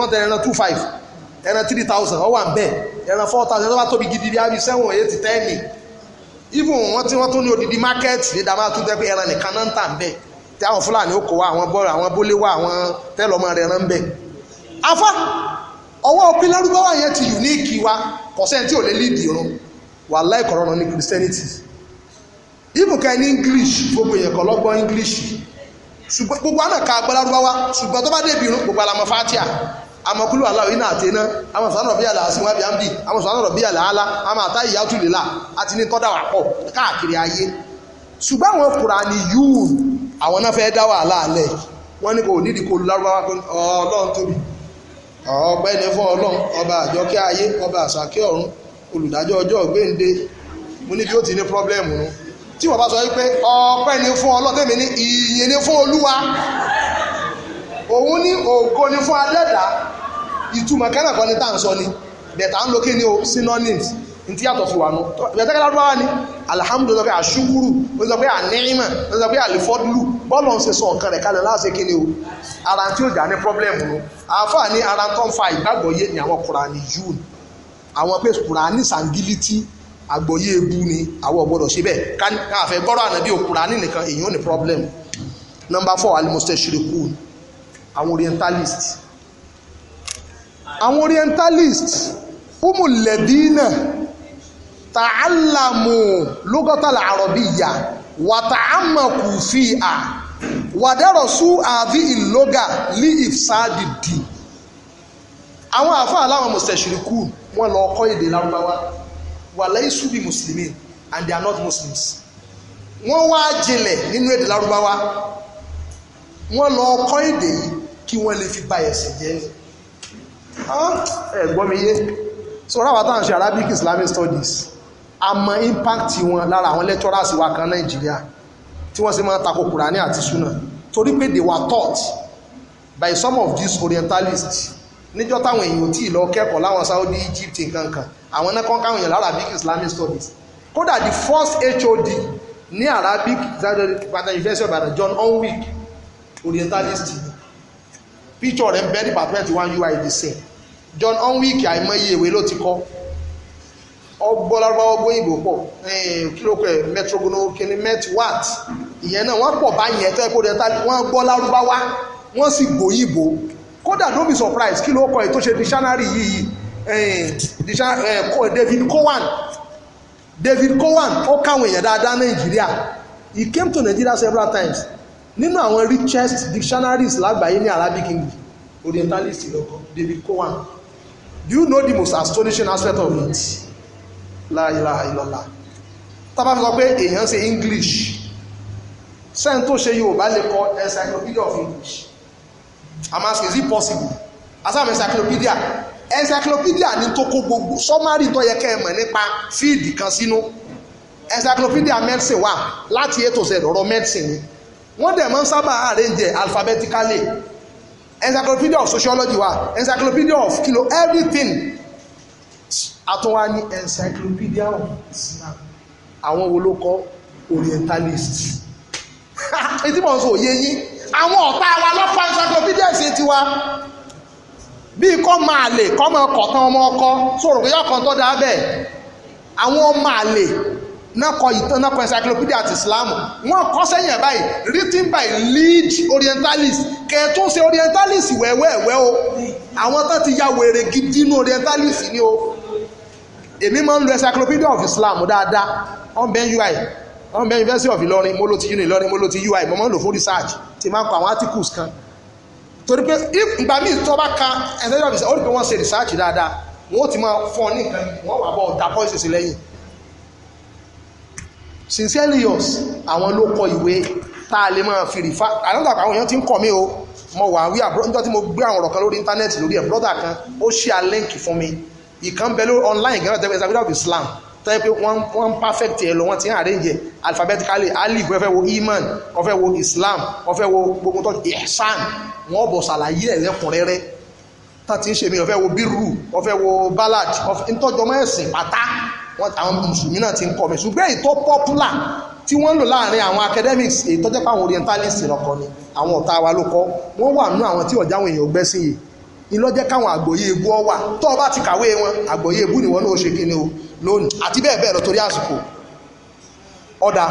hundred ẹran three thousand ó wà bẹ́ẹ̀ ẹran four thousand tó bá tóbi gidi bí abi seven eight ten even wọ́n tí wọ́n tún ní odidi market ní dàmá tún tẹ́ pé ẹran nìkan náà ń tà ń bẹ́ẹ̀ tí àwọn fúlàní ó kó wa àwọn bọ́ọ̀rọ̀ àwọn bólé wa àwọn tẹ́lọ̀mọ́ rẹ̀ rán bẹ́ẹ̀. afá ọwọ́ òpin lárúbáwá yẹn ti unique wa kọ̀sẹ́ni tí ò lè lead irun wà láì kọ̀rọ̀nà ní christianity even kan ní english gbogbo èèyàn kọ̀ lọ́gbọ́n english ṣùgbọ́n gbogbo àná ka agbọ́ lárúbáwá ṣùgbọ́n tó bá débi irun gbogbo alamọ fatia amọ̀kúlù aláwọ̀ iná àti iná àwọn sọ̀rọ̀ bí àlà àsìnwá bí àmì àwọn sọ̀rọ̀ bí àlà àlà àwọn àtà ìyá tù lélà àti ní tọ́dà wàpọ̀ káàkiri ayé ṣùgbọ́n àwọn kùránì yúù àwọn náà fẹ́ dá wàhálà alẹ́ wọ́n ni kò nídìí kò lárúbáwá pé ọlọ́run tóbi ọpẹ́ ni fún ọlọ́run ọba àjọkẹ́ ayé ọba àṣàkẹ́ ọ̀run olùdájọ́ ọjọ́ ògbéǹde mo ní bí ó ti ní pọ́blẹ́mù tí wọ́n bá sọ wípé ọpẹ́ ni fún ọlọ́run tèmi ní ìyìn ni fún olúwa òun ní ògo ni fún adẹ́dà ìtumọ̀ kẹ́nà kan ní tá à ń sọ ni bẹ̀tà ń lo kí ni o synonyms ní tí yàtọ̀ fi wà nù bẹ̀tà kẹ́lá lọ́wọ́ ni alhamdulilayi pé àṣùwúrù ó sọ pé àníyìmọ̀ ó sọ pé àlefọ́dúlù bọ́ọ̀lù ń ṣe sọ nǹkan rẹ̀ kalẹ̀ láti kí ni o ara tí ó jà ní pọ́blẹ́mù nu àáfàá ní ara tó ń fa ìgbàgbọ́ yé ni àwọn kùránì yún àwọn pé kùránì sangility àgbọ̀yé ebu ni àwọn ọ̀gbọ́dọ̀ ṣe bẹ́ẹ̀ káfẹ́ gbọ́rọ̀ ànábì òkùránì nìkan èyí ní pọ́blẹ́mù number four alimusẹ́ ṣirikú ni àwọn orientalist àwọn orientalist umulẹ̀dínà tààlàmù lughatal arabiyya wàtàámàkù fìhà wàdẹ́rọ̀sù àfi ìlógà lí ìfsáàdìdì àwọn àfáà láwọn mùsùlùmí wọn lọ kọ́ èdè lárúbáwá wàlẹ́ ìṣúbí mùsùlùmí and they are not muslims wọ́n wá jinlẹ̀ nínú èdè lárúbáwá wọ́n lọ kọ́ èdè yìí kí wọ́n lè fi ba ẹ̀sìn jẹ́ ah, ẹ gbọ́ mi yé so ráwa táwọn ṣe Arabic Islamic Studies a mọ impact wọn lára àwọn lecturers wa kan Nàìjíríà tí wọ́n sì máa ń tako Kùránì àti Súnà torí pé they were taught by some of these Orientalists níjọ́ táwọn èèyàn tí ì lọ kẹ́kọ̀ọ́ láwọn Saudi Egypt nǹkan kan àwọn náà kọ́ káwọn èèyàn lára Arabic Islamic Studies kódà the first HOD ní Arabic Islamic University of John Onwick Orientalist ni picture rẹ̀ ń bẹ́ department one UIDC John Onwike àìmọye ìwé ló ti kọ́ ọgbọ́n lárúbáwọ́ gbóyìnbó pọ̀ kí ló pẹ̀ metrogono kini metwat ìyẹn náà wọ́n pọ̀ báyẹn tó ẹ kó dẹ wọ́n gbọ́ lárúbáwá wọ́n sì gbòyìnbó kódà don't be surprised kí ló kọ́ ẹ̀ tó ṣe dictionary yìí David Cowan David Cowan ó káwọn èèyàn dáadáa Nàìjíríà he came to Nigeria several times nínú àwọn richest dictionaries lágbàáyé ní Arabic English orientalist lọ́kọ́ David Cowan do you know the most astonishing aspect of it la ilaha illallah tábà sọ pé èèyàn ṣe English sẹ́yìn tó ṣe Yorùbá lè kọ encyclopedia of English I'm asking is it possible asam encyclopedia encyclopedia ni tó kó gbogbo summary tó yẹ kẹ́ ẹ mọ̀ nípa fíìdì kan sínú encyclopedia medicine wà láti ètò ìṣẹ̀dọ̀rọ̀ medicine ni wọ́n dẹ̀ máa ń sábà arrange alphabetically encyclopedia of sociology wa encyclopedia of kilo everything àtúnwá encyclopedia of Islam àwọn wo ló kọ orientalist etí [laughs] mọ̀ ń sọ òye yín àwọn ọ̀tá wa lọ́pàá encyclopedia ṣe tiwa bíi kọ́ máa lè kọ́ máa kọ̀tàn ọmọ ọkọ sọ̀rọ̀ pé yọ̀ọ̀kan tó dáa bẹ́ẹ̀ àwọn ọmọ àlè náà kọ ìtàn náà kọ encyclopedia àti islam wọ́n kọ sẹ́yìn ẹ̀ báyìí written by lead orientalist kẹ̀tún ṣe orientalist wẹ́wẹ́wẹ́ o àwọn tó ti ya wèrè gidi nínú orientalist ni o èmi máa ń lo encyclopedia of islam dáadáa ọ̀n bẹ́ẹ̀ ui ọ̀n university of ìlọrin mo ló ti uni ìlọrin mo ló ti ui mo máa ń lò fún research tí máa ń kọ àwọn articles kan torí pé ìgbà míì tó bá ka encyclopedia of islam ó rí pé wọ́n ṣe research dáadáa wọ́n ti máa fọ́ ní nǹkan wọ́n wà bọ́ ọ̀dà pọ́ìsì sí lẹ́yìn sincerely yours àwọn ló kọ ìwé tá a lè máa fi rìfà àdánù àwọn èèyàn ti ń kọ̀ mí o mo wà wí àbúrò níjọ́ tí mo gbé àwọn ọ̀rọ̀ kan lórí íńtánẹ́ẹ̀tì lórí ẹ̀ brọ́dà kan ó ṣe à lẹ́ǹkì fún mi ìkan bẹ lórí online gẹ́gẹ́ tẹ́gbẹ́ ìsàbídà of Islam tẹ́ pé wọ́n ń perfect ẹ̀ lọ wọ́n ti ń arrange ẹ̀ alphabetically alif wọ́n fẹ́ wo iman wọ́n fẹ́ wo Islam wọ́n fẹ́ wo gbogbo tó ihsan wọ́n bọ̀ ṣàlàyé ẹ̀ lẹ́kùnrẹ́rẹ́ tá ti ń ṣe mi wọ́n fẹ́ wo biru wọ́n fẹ́ wo ballad ntọ́jọmọ́ ẹ̀sìn pátá àwọn mùsùlùmí náà ti ń kọ́ mi ṣùgbọ́n èyí tó popular tí wọ́n ń lò láàrin àwọn academics èyí tó jẹ́ pé àwọn orientalist lọ́kọ́ ni àwọn ọ̀tá wa ló kọ́ wọ́n wà nínú àwọn tí ọ̀já àwọn èèyàn gbẹ́sìn yìí ìlọ́jẹ́ káwọn àgbòye ebu ọ wà tó o bá ti kàwé wọn àgbòye ebu nìwọ náà ṣe kíni o lónìí àti bẹ́ẹ̀ bẹ́ẹ̀ lọ torí àsìkò ọ̀dà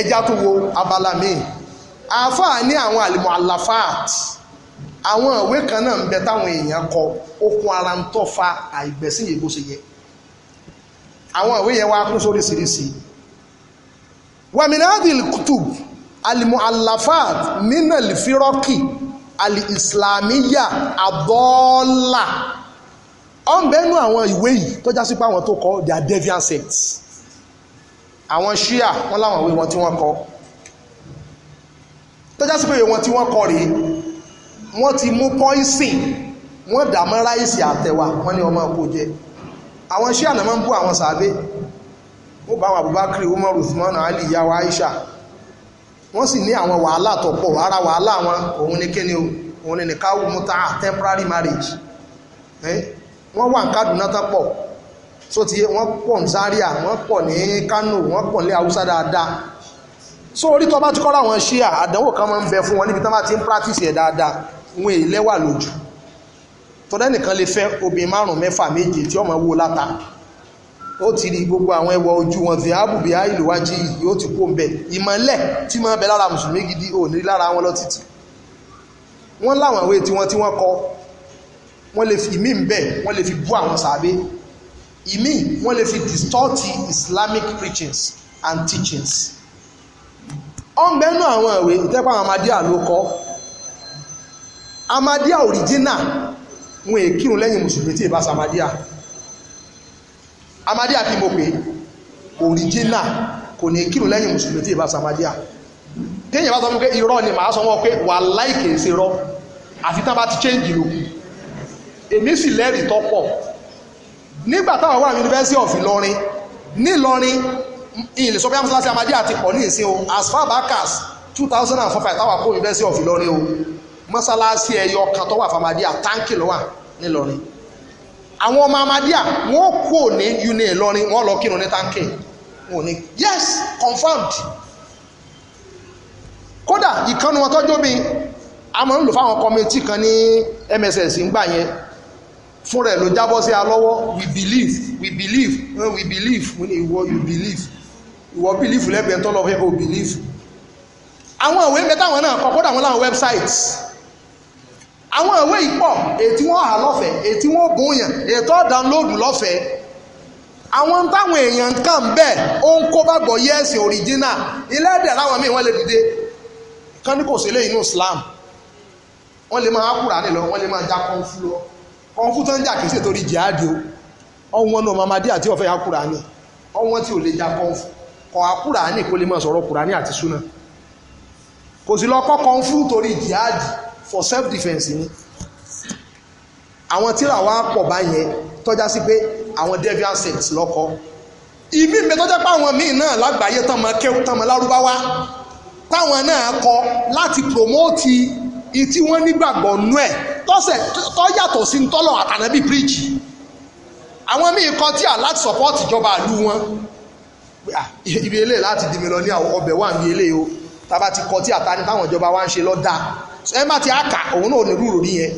ẹja tó wo abala míì àáfàá ní àwọn àlìmọ̀ àlàfáàt àwọn ìwé kan náà ń bẹ táwọn èèyàn kọ okun ara ń tọ́ fa àìgbẹ́sìn yìí bó ṣe yẹ àwọn ìwé yẹn wá kún sóríṣiríṣi wàmínádìl kutub alimu alafad minal firọ́kì alìsìlámíyà àbọ́ọ́là ọ̀nbẹ́nu àwọn ìwé yìí tó já sí pé àwọn tó kọ their deviant sects àwọn ṣíà wọn láwọn ìwé wọn tí wọ́n kọ tó já sí pé wọn tí wọ́n kọ rèé wọ́n ti mú pọ́ìsìn wọ́n dààmú ráìsì àtẹ̀wà wọ́n ní ọmọ ọkọ̀ jẹ́ àwọn iṣẹ́ àná máa ń bú àwọn sàábé ó bá àwọn Abubakar Umar Uthman Ali ìyàwó Aisha wọ́n sì ní àwọn wàhálà tó ara wàhálà wọn òun ni kíni òun ni nìka muta temporary marriage wọ́n wà ní Kaduna tó pọ̀ so ti wọ́n pọ̀ ní Zaria wọ́n pọ̀ ní Kano wọ́n pọ̀ ní Haúsá dáadáa so orí tó bá ti kọ́ra wọn ṣíà àdánwò kan máa ń bẹ fún wọn níbi tó bá ti ń practice ẹ̀ dáadáa wọn èyí lójú tọ́lẹ́ nìkan lè fẹ́ obìnrin márùn mẹ́fà méje tí ọmọ wo láta ó ti rí gbogbo àwọn ẹwà ojú wọn fi ábùbí àìlúwájú yìí ó ti kó mbẹ ìmọ̀lẹ̀ tí máa bẹ lára mùsùlùmí gidi ò ní lára wọn lọ títì wọ́n láwọn ìwé tiwọn tí wọ́n kọ wọ́n lè fi ìmí mbẹ wọ́n lè fi bú àwọn sàbẹ ìmí wọ́n lè fi distort Islamic preachings and teachings ọ̀nbẹ́nu àwọn ìwé ìtẹ́pọ̀ àwọn amadíà ló kọ amadíà original wọn è kírun lẹ́yìn mùsùlùmí tí ìbá samaria amadia tí mo pè òrìjínà kò ní kírun lẹ́yìn mùsùlùmí tí ìbá samaria téèyàn bá sọ fún pé irọ́ ni màá sọ wọn pé wà láìkè ṣe rọ àfi tán bá ti change lò èmi sì lẹ́rìí tọ́pọ̀ nígbà táwọn wà ní University of Ìlọrin nílọrin ilẹ̀ sọ pé amúsílásí amadé àti pọ̀ ní ìsìn o as far back as two thousand and four five táwọn kó University of Ìlọrin o mọ́sálásí ẹ̀yọ kan tó wà fàmàdíà táǹkì wa wà nílọrin àwọn ọmọ amadíà wọn ò kú òní uni ìlọrin wọn lọ kírun ní táǹkì wọn ò ní yes confirmed kódà ìkànnì wọn tọ́jú mi àmọ́ ń lò fáwọn kọ́mẹ́tì kan ní mss ń gbà yẹn fún rẹ̀ ló jábọ́ sí alọ́wọ́ we believe we believe eh, we believe we ní ìwọ you believe ìwọ believe lẹ́gbẹ̀ẹ́ tọ́lọ́ fẹ́ kó believe àwọn ìwé mẹ́ta àwọn náà kọ́ kódà wọn láwọn websites àwọn ìwé ìpọ̀ ètí wọ́n hà lọ́fẹ̀ẹ́ ètí wọ́n bùn yàn ètò dánlóòdù lọ́fẹ̀ẹ́ àwọn táwọn èèyàn kan bẹ́ẹ̀ ó ń kó bá gbọ́ yẹ́sì òrìjínà ilé ẹ̀dẹ̀ láwọn míì wọ́n lè dìde kán ní kò sí eléyìí ní Islam wọ́n lè máa kúrà nílọ wọ́n lè máa já kọ́ńfú lọ kọ́ńfú tó ń jà kìí ṣètò orí jihadi o ọ̀hún wọn náà mamadi àti ọ̀fẹ́ ya kúrà ní ọ̀hún tí ò lè já kọ́ńfú kọ́ akúrà ní kó lè máa sọ̀rọ̀ kúrà ní àti súnà kò sí lọ kọ́ kọ́ńfú torí for self defence ni àwọn tíra wa pọ̀ báyẹn tọ́já sí pé àwọn deviant sects lọ́kọ́ ìmí mi tọ́já pé àwọn míì náà lágbàáyé tán mọ kéwù tán mọ lárúbáwá táwọn náà kọ láti promote ìtí wọ́n nígbàgbọ́ nú ẹ̀ tọ́sẹ̀ tọ́yàtọ̀ sí tọ́lọ̀ àtànábì bíríìjì àwọn míì kọ tíà láti support ìjọba ìlú wọn ibi eléyìí láti di mi lọ ní ọbẹ̀ wà ní eléyìí o tá a bá ti kọ tíà ta ni táwọn ìjọba wa ń ṣe lọ́dà ẹ má ti àkà òun náà ní rúurú rí yẹn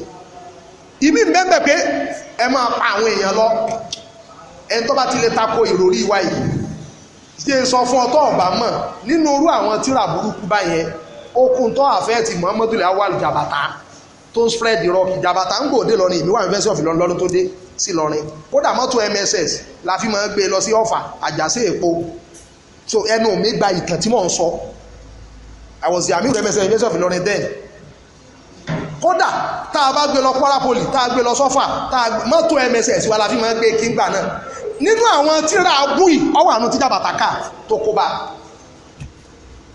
ibi mẹ́mẹ́ pé ẹ máa pa àwọn èèyàn lọ ẹni tó bá ti lè tako ìròrí wa yìí ṣe sọ fún ọtọ́ ọ̀bà mọ̀ nínú orú àwọn tíra burúkú báyẹn okun tó àfẹ́ ti Muhammadu Lawal Jabata tó ń spread the rock Jabata ń gòdè lọ́rin ìlú wà ní fẹ́sẹ̀ ọ̀fìn lọ́dún tó dé sí lọ́rin kódà mọ́tò MSS la fi máa ń gbé e lọ sí ọ̀fà àjàsí èpo so ẹnu mi gba ìtàn tí mò ń sọ I was the amir MSS fẹ́sẹ̀ ọ̀fìn lọ́rin kódà tá a bá gbé lọ kwara poli tá a gbé lọ sọ́fà tá a mọ́tò mss wa la fi máa ń gbé kí n gbà náà nínú àwọn tíra abúì ọwọ́ àánú tíjà bàtàkà tó kó bá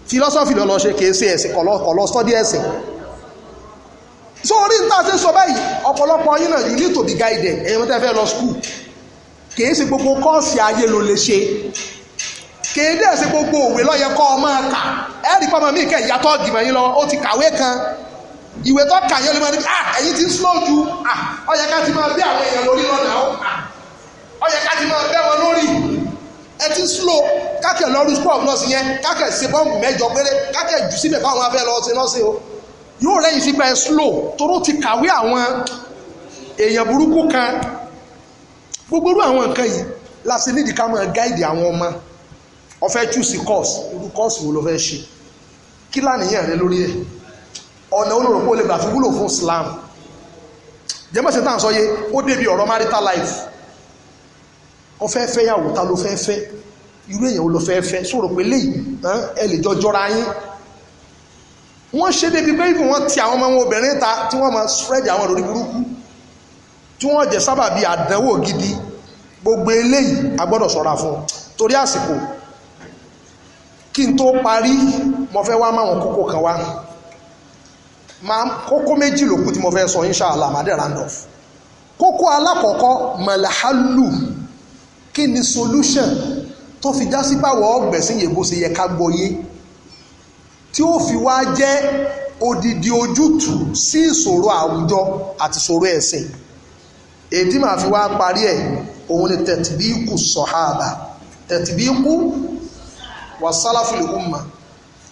philosophy lọ lọ ṣe kìí ṣe ẹ̀sìn kọ̀lọ́ study ẹ̀sìn so orí n ta ṣe sọ báyìí ọ̀pọ̀lọpọ̀ yín náà you need to be guided ẹ̀yin wọ́n tẹ́ fẹ́ lọ school kìí ṣe gbogbo kọ́ọ̀sì ayé ló lè ṣe kìí dẹ̀ ṣe gbogbo òwe ló yẹ kọ́ ọ máa kà ẹ̀rí pọ́nmọ́ mi kẹ́ ìyàtọ̀ ọ̀gìmọ̀ yín lọ ó ti kàwé kan ìwé tó kà yẹn ló máa ní ah ẹ̀yin ti slow ju ah ó yẹ ká ti máa bẹ́ àwọn èèyàn lórí lọ́nà ó ah ó yẹ ká ti máa bẹ́ wọn lórí ẹ ti slow kákẹ́ lọ́rùn school of nursing yẹn kákẹ́ ṣe bọ́ọ̀mù mẹ́jọ péré kákẹ́ jù síbẹ̀ fáwọn afẹ́ lọ́ọ́ ṣe nọ́ọ̀sì o yóò rẹ́yìn sí pé ẹ slow toró ti kàwé àwọn èèyàn burúkú kan gbogbo irú àwọn nǹkan yìí la ṣe nídìí ká máa gáìdì àwọn ọmọ ó fẹ́ choose course irú course wo ló fẹ́ ṣe kí lànìyàn rẹ lórí ẹ̀ ọ̀nà olóròpó lè gbà fi wúlò fún Islam jẹ́mọ̀sí tàn sọye ó débi ọ̀rọ̀ marital life ó fẹ́ fẹ́ yàwó ta ló fẹ́ fẹ́ irú èyàn ló fẹ́ fẹ́ sọ̀rọ̀ pé lè ẹ lè jọ jọra yín wọ́n ṣe débi pé ìfún wọn ti àwọn ọmọ obìnrin ta tí wọ́n máa spread àwọn lórí burúkú tí wọ́n jẹ́ sábàbí àdánwò gidi gbogbo eléyìí a gbọ́dọ̀ ṣọ́ra fún torí àsìkò kí n tó parí mo fẹ́ wá máwọn kókó kan wá máa kókó méjì ló kù tí mo fẹ́ sọ inṣàlá madé randolph kókó alákọ̀ọ́kọ́ malahalu kí ni solution tó fi já sí pàwọ̀ ọgbẹ̀sìn yèbó ṣe yẹ ká gbọ́yé tí ó fi wá jẹ́ odidi ojútùú sí ìṣòro àwùjọ àti ìṣòro ẹ̀sìn èdè máa fi wá parí ẹ̀ òun ni tẹ̀tìbíkù sọ̀háàbà tẹ̀tìbíkù wàsálàfùlẹ̀ umma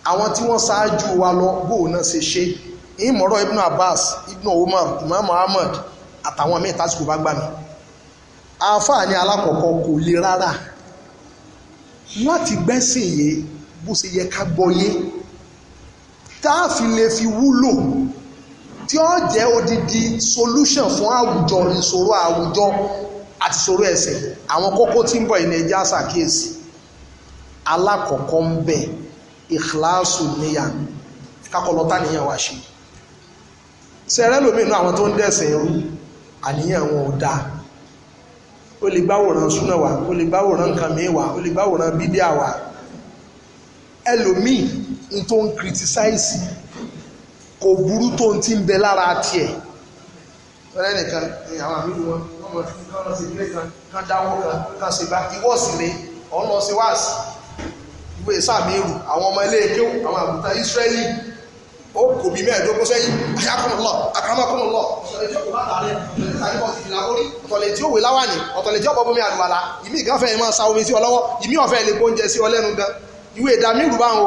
àwọn tí wọ́n ṣáájú wa lọ bóun náà ṣe ṣe ìmọ̀rọ̀ ibn abbas ibn umar imam ahmad àtàwọn mẹ́ta tí kò bá gbà mí àáfàá ní alákọ̀ọ́kọ́ kò le rárá láti gbẹ́sìn yé bó ṣe yẹ ká gbọ́yé tá lè fi wúlò tí ó jẹ́ odidi solution fún àwùjọ ìṣòro àwùjọ àti ìṣòro ẹ̀sẹ̀ àwọn kókó tí ń bọ̀ ìní ẹja ṣàkíyèsí alákọ̀ọ́kọ́ ń bẹ ìkíláàsù níyà kákọ́ lọ́tà àṣeyìí sẹ́rẹ́ lómi inú àwọn tó ń dẹ̀sìn rú àníyàn wọn ò dáa le lè gbáwòrán súnà wá o lè gbáwòrán nǹkan míì wá ó lè gbáwòrán bídíà wá n tó ń kìrìtìsáìsì kò burú tó ti ń bẹ lára tiẹ̀ ọ̀rẹ́ nìkan àwọn àmìlú wọn wọ́n mọ̀ lọ sí ilé kan kán dáwọ́ kan kán ṣe bá ìwọ́ sí ni ọ̀n lọ sí wáàsì ìwé sáàmì àwọn ọmọ ilé ẹjọ́ àwọn àbúta israeli. ó kò bí mẹ́ẹ̀ẹ́dógún sẹ́yìn ayakumulọ akamakumulọ ọ̀tọ̀lẹ̀ tí ó wé láwàní ọ̀tọ̀lẹ̀ tí ó bọ́bọ́mí àlùmọ́lá ìmí ìgánfẹ́ ìmọ̀ sa omi sí ọlọ́wọ́ ìmí ọ̀fẹ́ lè gbóúnjẹ sí ọlẹ́nu gan ìwé ìdámí ìrù báwọn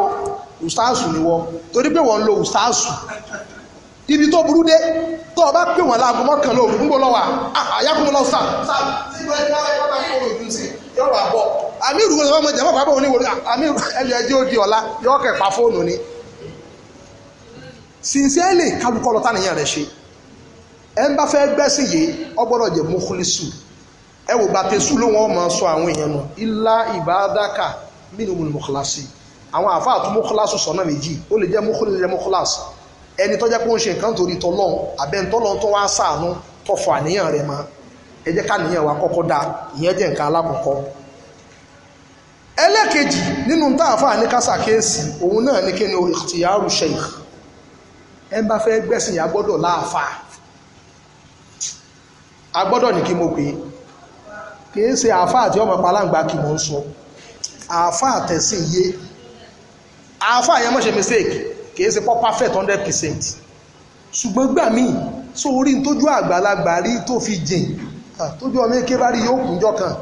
ustaasu ni wọ́n torí pé wọ́n lo ustaasu ibi tó burú dé tó o bá pè wọ́n láago mọ́kànlá òru ń bọ̀ lọ́wọ́ ayakumulọ sáà sáà síbi ẹ̀ yọ̀wọ̀ àbọ̀ àmì ìrù sincerely kálukọ́ lọ́tà nìyẹn rẹ̀ ṣe ẹ ń bá fẹ́ gbẹ́sìn yìí ọ gbọ́dọ̀ jẹ́ mọ́kúlísù ẹ wò gbàtẹ́sù ló wọ́n máa sọ àwọn èèyàn nù ilá ìbádákà mínú mọ́kúlásì àwọn àfáà tó mọ́kúlásù sọ̀nà méjì ó lè jẹ́ mọ́kúlì jẹ́ mọ́kúlásì ẹni tó jẹ́ pé ó ń ṣe nǹkan torí tọlọ́n àbẹ́ntọ́lọ́n tó wá ṣàánú tó fọ àníyàn rẹ̀ mọ́ ẹ jẹ́ káníyàn wa kọ́kọ́ dáa ìyẹn jẹ́ nǹkan alákọ̀ọ́kọ́ ẹlẹ́kejì nínú táàfáà ní kásákèésì òun náà ní kí ni ìtìyàrú sheikh ẹ bá fẹ́ gbẹ̀sìn yà gbọ́dọ̀ láàfà a gbọ́dọ̀ ní kí mo pè é kìí ṣe àáfà àti ọmọ palangba kí mo ń sọ àáfà àtẹ̀sìn yé àáfà yẹn mọ̀ṣẹ̀ mistake kìí ṣe pọ́ perfect hundred percent ṣùgbọ́n gbà míì so orí tójú àgbàlagbà rí tó fi jìn tójú ọmọ eke bá rí yóò kúnjọ kan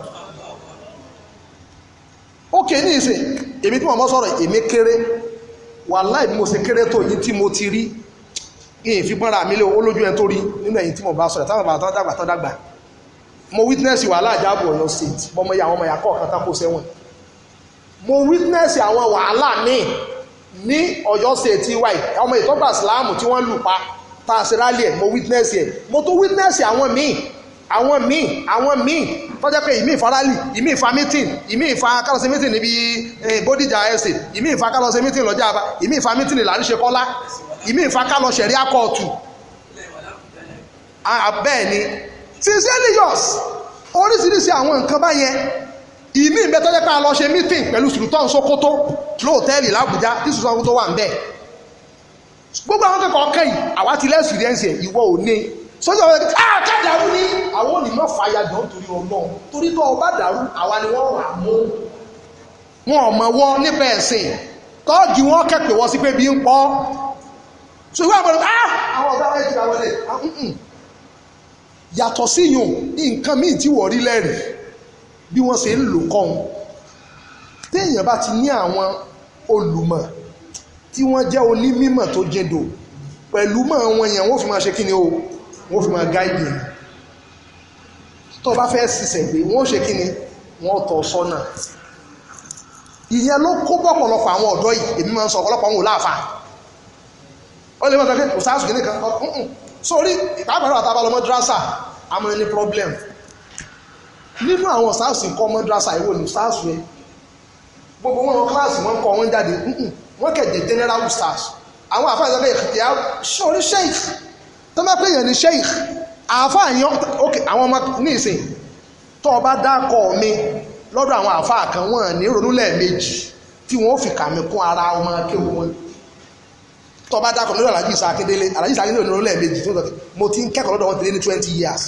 ó kè ní ìsìn èmi tí mo mọ sọ̀rọ̀ èmi kéré wàláì bí mo ṣe kéré tó yín tí mo ti rí èèfin pọ́nra mi lé owó lójú ẹ tó rí nínú ẹ̀yìn tí mo bá sọ̀rọ̀ táwọn bàbá dàgbà tó dàgbà mo witness wàhálà àjábọ̀ ọ̀yọ́ state bọ́mọ ya àwọn ọmọ yàkọ̀ kan tako sẹ́wọ̀n mo witness àwọn wàhálà míì ní ọ̀yọ́ state wáì ọmọ ìtọ́gbà síláàmù tí wọ́n lù pa tá a ṣe rálì ẹ̀ mo witness ẹ̀ mo tó witness àwọn míì àwọn míì àwọn míì tọ́jà pé ìmí ìfarali ìmí ìfa meeting ìmí ìfa kálọ̀sẹ̀ meeting níbi eh, Bódìjà ẹ̀sìn ìmí ìfa kálọ̀sẹ̀ meeting lọ́jà àbá ìmí ìfa meeting ìlànà ìṣekọ́lá ìmí ìfaká lọ ṣẹ̀rí akọ́ọ̀tù ah, bẹ́ẹ̀ ni sincerely yours oríṣiríṣi àwọn nǹkan báyẹn ìmí ìbẹ́tọ́jẹ́ pé a lọ ṣe meeting pẹ̀lú Sultan Sokoto lóòtẹ́ẹ̀lì l'Àbújá tí Sultan Sokoto wà ń bẹ̀ gbogbo àwọn kẹ́kọ̀ọ́ kẹ́yìn àwa ti lẹ́sìrìẹ́nsì ẹ̀ ìwọ ò ní sọ́jà wọn kẹ́kẹ́ ah kádàrú ni àwọn ò ní mọ̀ fàyà jọ nítorí Ọlọ́run torí tó ọba dàrú àwa ni wọ́n rà mú wọn ò mọ̀ wọ́ nípa ẹ̀sìn tọ́ọ̀gì wọn kẹ́pẹ̀ wọ́n sí pé bí ń pọ́ so ìwé àgbọ̀dọ̀ ah àwọn ọ̀gá wáyé ti ra wọlé yàtọ̀ sí yùn nǹkan míì tí wọ́n rí lẹ́rìí bí wọ́n ṣe ń lò kọ́hún téèyàn bá ti ní àwọn olùmọ̀ tí wọ́n jẹ́ onímọ̀ tó jẹ́dò pẹ̀lú mọ̀ wọn yẹn wọ́n fi máa ṣe kí ni o wọ́n fi máa gáìdì yẹn tó bá fẹ́ ṣiṣẹ́ gbé wọ́n ṣe kí ni wọ́n tọ́ sọ́nà ìyẹn ló kó bọ́pọ̀lọpọ̀ àwọn ọ̀dọ́ yìí èmi máa ń sọ ọ̀pọ̀lọpọ̀ àwọn ò ó lè mọ̀tàn pé kò sáà sùgbìn nìkan kọ́ nǹkan sórí ìpàpàrọ̀ àtàbà lọ mọ́dúrásà àmọ́ ní problem nínú àwọn sáàsì nǹkan mọ́dúrásà ìwò ní sáàsì yẹn gbogbo wọn kíláàsì wọn kọ wọn jáde wọn kẹ̀jẹ̀ general stars àwọn àfáà ìsọ̀kẹ́ ìkìtìyà sórí sheikh tó máa pè yàn ní sheikh àfáà yàn ok àwọn ọmọ ní ìsìn tó ọba dákọ̀ mi lọ́dọ̀ àwọn àfáà kan wọn ní ronú lẹ́ẹ̀mejì tí wọ́n fi kàmí kún ara ọmọ akéwọn tó bá dákọ̀ lọ́dọ̀ alájí ìsà akédélé alájí ìsà akédélé lọ́lẹ̀ méjì tó tọ́tí mo ti ń kẹ́kọ̀ọ́ lọ́dọ̀ wọn ti ní twenty years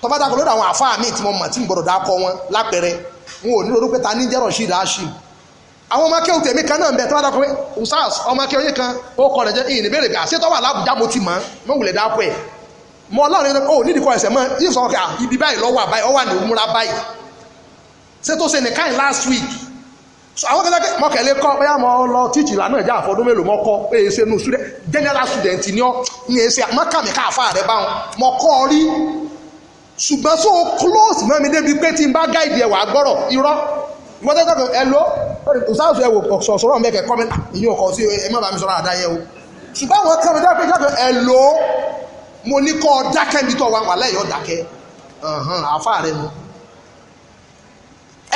tó bá dákọ̀ lọ́dọ̀ àwọn àfáà míì tí mo mọ̀ tí mo gbọ́dọ̀ dákọ̀ wọn lápẹ̀rẹ̀ wọn ò ní lórí pé ta ní jẹ́rọ̀ sí ìdáṣì àwọn ọmọ akéwù tèmi kan náà ń bẹ tó bá dákọ̀ pé usas ọmọ akéwù yìí kan ó kọ rẹ̀ jẹ́ ìyìn ní bèrè àṣẹ tó wà lábùjá mo ti mọ̀ mọ̀ wùlẹ̀ dákọ̀ ẹ̀ mọ ọlọ́run ó nídìí kọ ẹsẹ̀ mọ́ ibi báyìí lọ́wọ́ àbáyìí ọ wà ní òmùra báyìí ṣé tó ṣe nìkan last week àwọn kẹta mọ̀kẹ́lẹ́ kọ́ bóyá mo lọ tíìtì ìlànà ìjà àfọdún mélòó mọ́ kọ́ pé èsè nu student general student ni ọ́ ní èsè mọ́kàmí káàfà rẹ̀ báwọn mọ́ kọ́ ọ rí ṣùgbọ́n so close mọ́ mi débi pé tí n bá gáìdì ẹ̀wà gbọ́rọ̀ irọ́ ìwọ́tẹ́tọ́ ẹ lọ ṣáàṣù ẹ̀wò sọ̀rọ̀ mẹ́kẹ̀ẹ́ kọ́ mi ah, ìyẹn ọkọ̀ sí ẹ má bàa mi sọ̀rọ̀ àdáyẹ o ṣùgbọ́n àwọn kan mi dábẹ́ jáde ẹ lọ mo ní kọ́ ọ dákẹ́ mi tọ́ wa wà lẹ́yìn ọ̀dákẹ́ àfa rẹ nu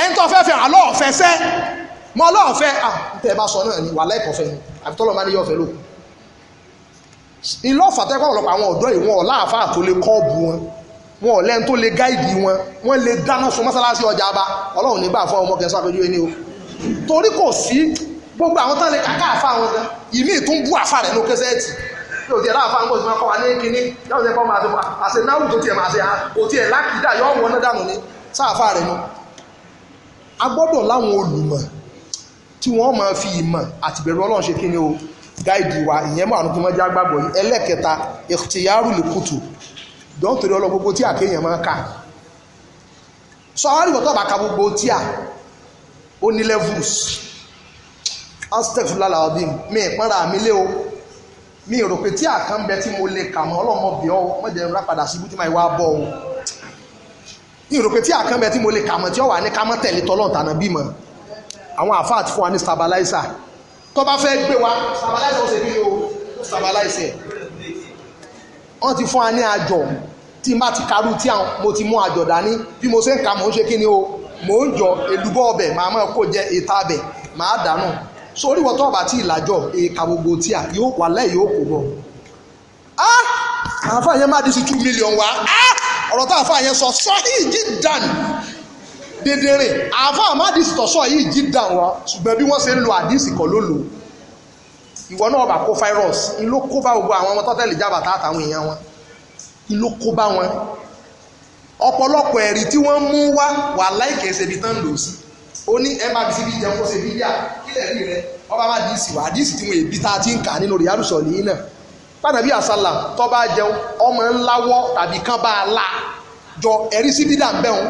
ẹni tó fẹ́ fẹ́ àlọ́ ọ̀fẹ́ mọ ọlọ́ọ̀fẹ́ àtẹ ẹ bá sọ náà ni wà láìkọ̀fẹ́ ni àbí tọ́lọ́ máa ní yọ̀ọ̀fẹ́ lò ìlọ́fà tẹ́kọ̀ ọ̀pọ̀lọpọ̀ àwọn ọ̀dọ́ ìwọ̀n ọ̀láàfà tó lè kọ́ọ̀bù wọn wọn ò lẹ́ni tó lè gáìdì wọn wọn lè dáná sun mọ́sálásí ọjà bá ọlọ́run nígbà fún ọmọ kẹsàn àpéjú ẹni o torí kò sí gbogbo àwọn tán lè káká àfa wọn gan ìmí ìtún bú àfa rẹ̀ ló kẹsẹ́ẹ̀tì yóò tiẹ̀ láàfa ń bọ̀ sí máa kọ́ wa ní kínní yóò tiẹ̀ kọ́ máa tó àṣẹ náwó tó tiẹ̀ máa ṣe kò tiẹ̀ lákìdá yóò wọ́n náà dànù ní sáàfà rẹ̀ mọ́ a gbọ́dọ̀ láwọn olùmọ̀ tí wọ́n máa fi ìmọ̀ àti ọlọ́run ṣe kíni o gáìdì wa ìyẹn mọ̀ àrùn tó máa jẹ́ agbábọ̀ yìí ẹlẹ́kẹta ìtìyàrú lè kùtù dọ́ńtòrí ọlọ́ gbogbo tí àkéèyàn máa kà sọ àwọn àrùn tó bá ka gbogbo tí à ó ní levels aztec lálẹ́ àwọn bíi mi ìpínlẹ̀ àmì lé o mi rò pé tí àkàn bẹ tí mo lè kà mọ́ ọlọ́mọ bí ọ́ mọ̀jẹ̀ ńlá padà síbú tí máa wá bọ̀ o mi rò pé tí àkàn bẹ tí mo lè kà mọ́ tí ọ wà ní ká mọ́ tẹ̀lé tọ́lọ́ntàná bímọ àwọn àfa àti fún wa ní stabilizer tó bá fẹ́ gbé wa stabilizer ó ṣe bí o stabilizer wọ́n ti fún wa ní àjọ tí n bá ti karú tí mo ti mú àjọ dání bí mo ṣe ń kà mò ń ṣe kí ni o mò ń jọ èlùbọ́ ọbẹ̀ màá máa kó jẹ ìta ọbẹ̀ màá dànù so orí ọba tí ìlàjọ èèkà gbogbo tí a yóò wà lẹ́yìn yóò kó bọ̀ á àáfàá yẹn má di sí two million wá á ọ̀rọ̀ tá àáfàá yẹn sọ sọ́hìn dédérè àáfà àmádìsì tọ̀sọ̀ yìí jí dà wọn ṣùgbọ́n bí wọ́n ṣe ń lo àdìsì kọ́ ló lò ìwọ náà bá kó virus ìlú kó bá gbogbo àwọn ọmọ tọ́tẹ́lì jábà táàtàwọn èèyàn wọn ìlú kó bá wọn ọ̀pọ̀lọpọ̀ ẹ̀rí tí wọ́n mú wá wà láìkè ṣebi tán lò sí ó ní ẹ máa bí síbi ìjẹun kó ṣebi yà kílẹ̀ rí rẹ ọba má dìísì wà dìísì tí wọn èbí tá a ti ń kà nínú rìyàlù sọ̀lì yìí náà pàdàbí àsálà tó bá jẹun ọmọ ńláwọ́ tàbí kán bá a la jọ ẹ̀rí síbi dà ń bẹ̀rùn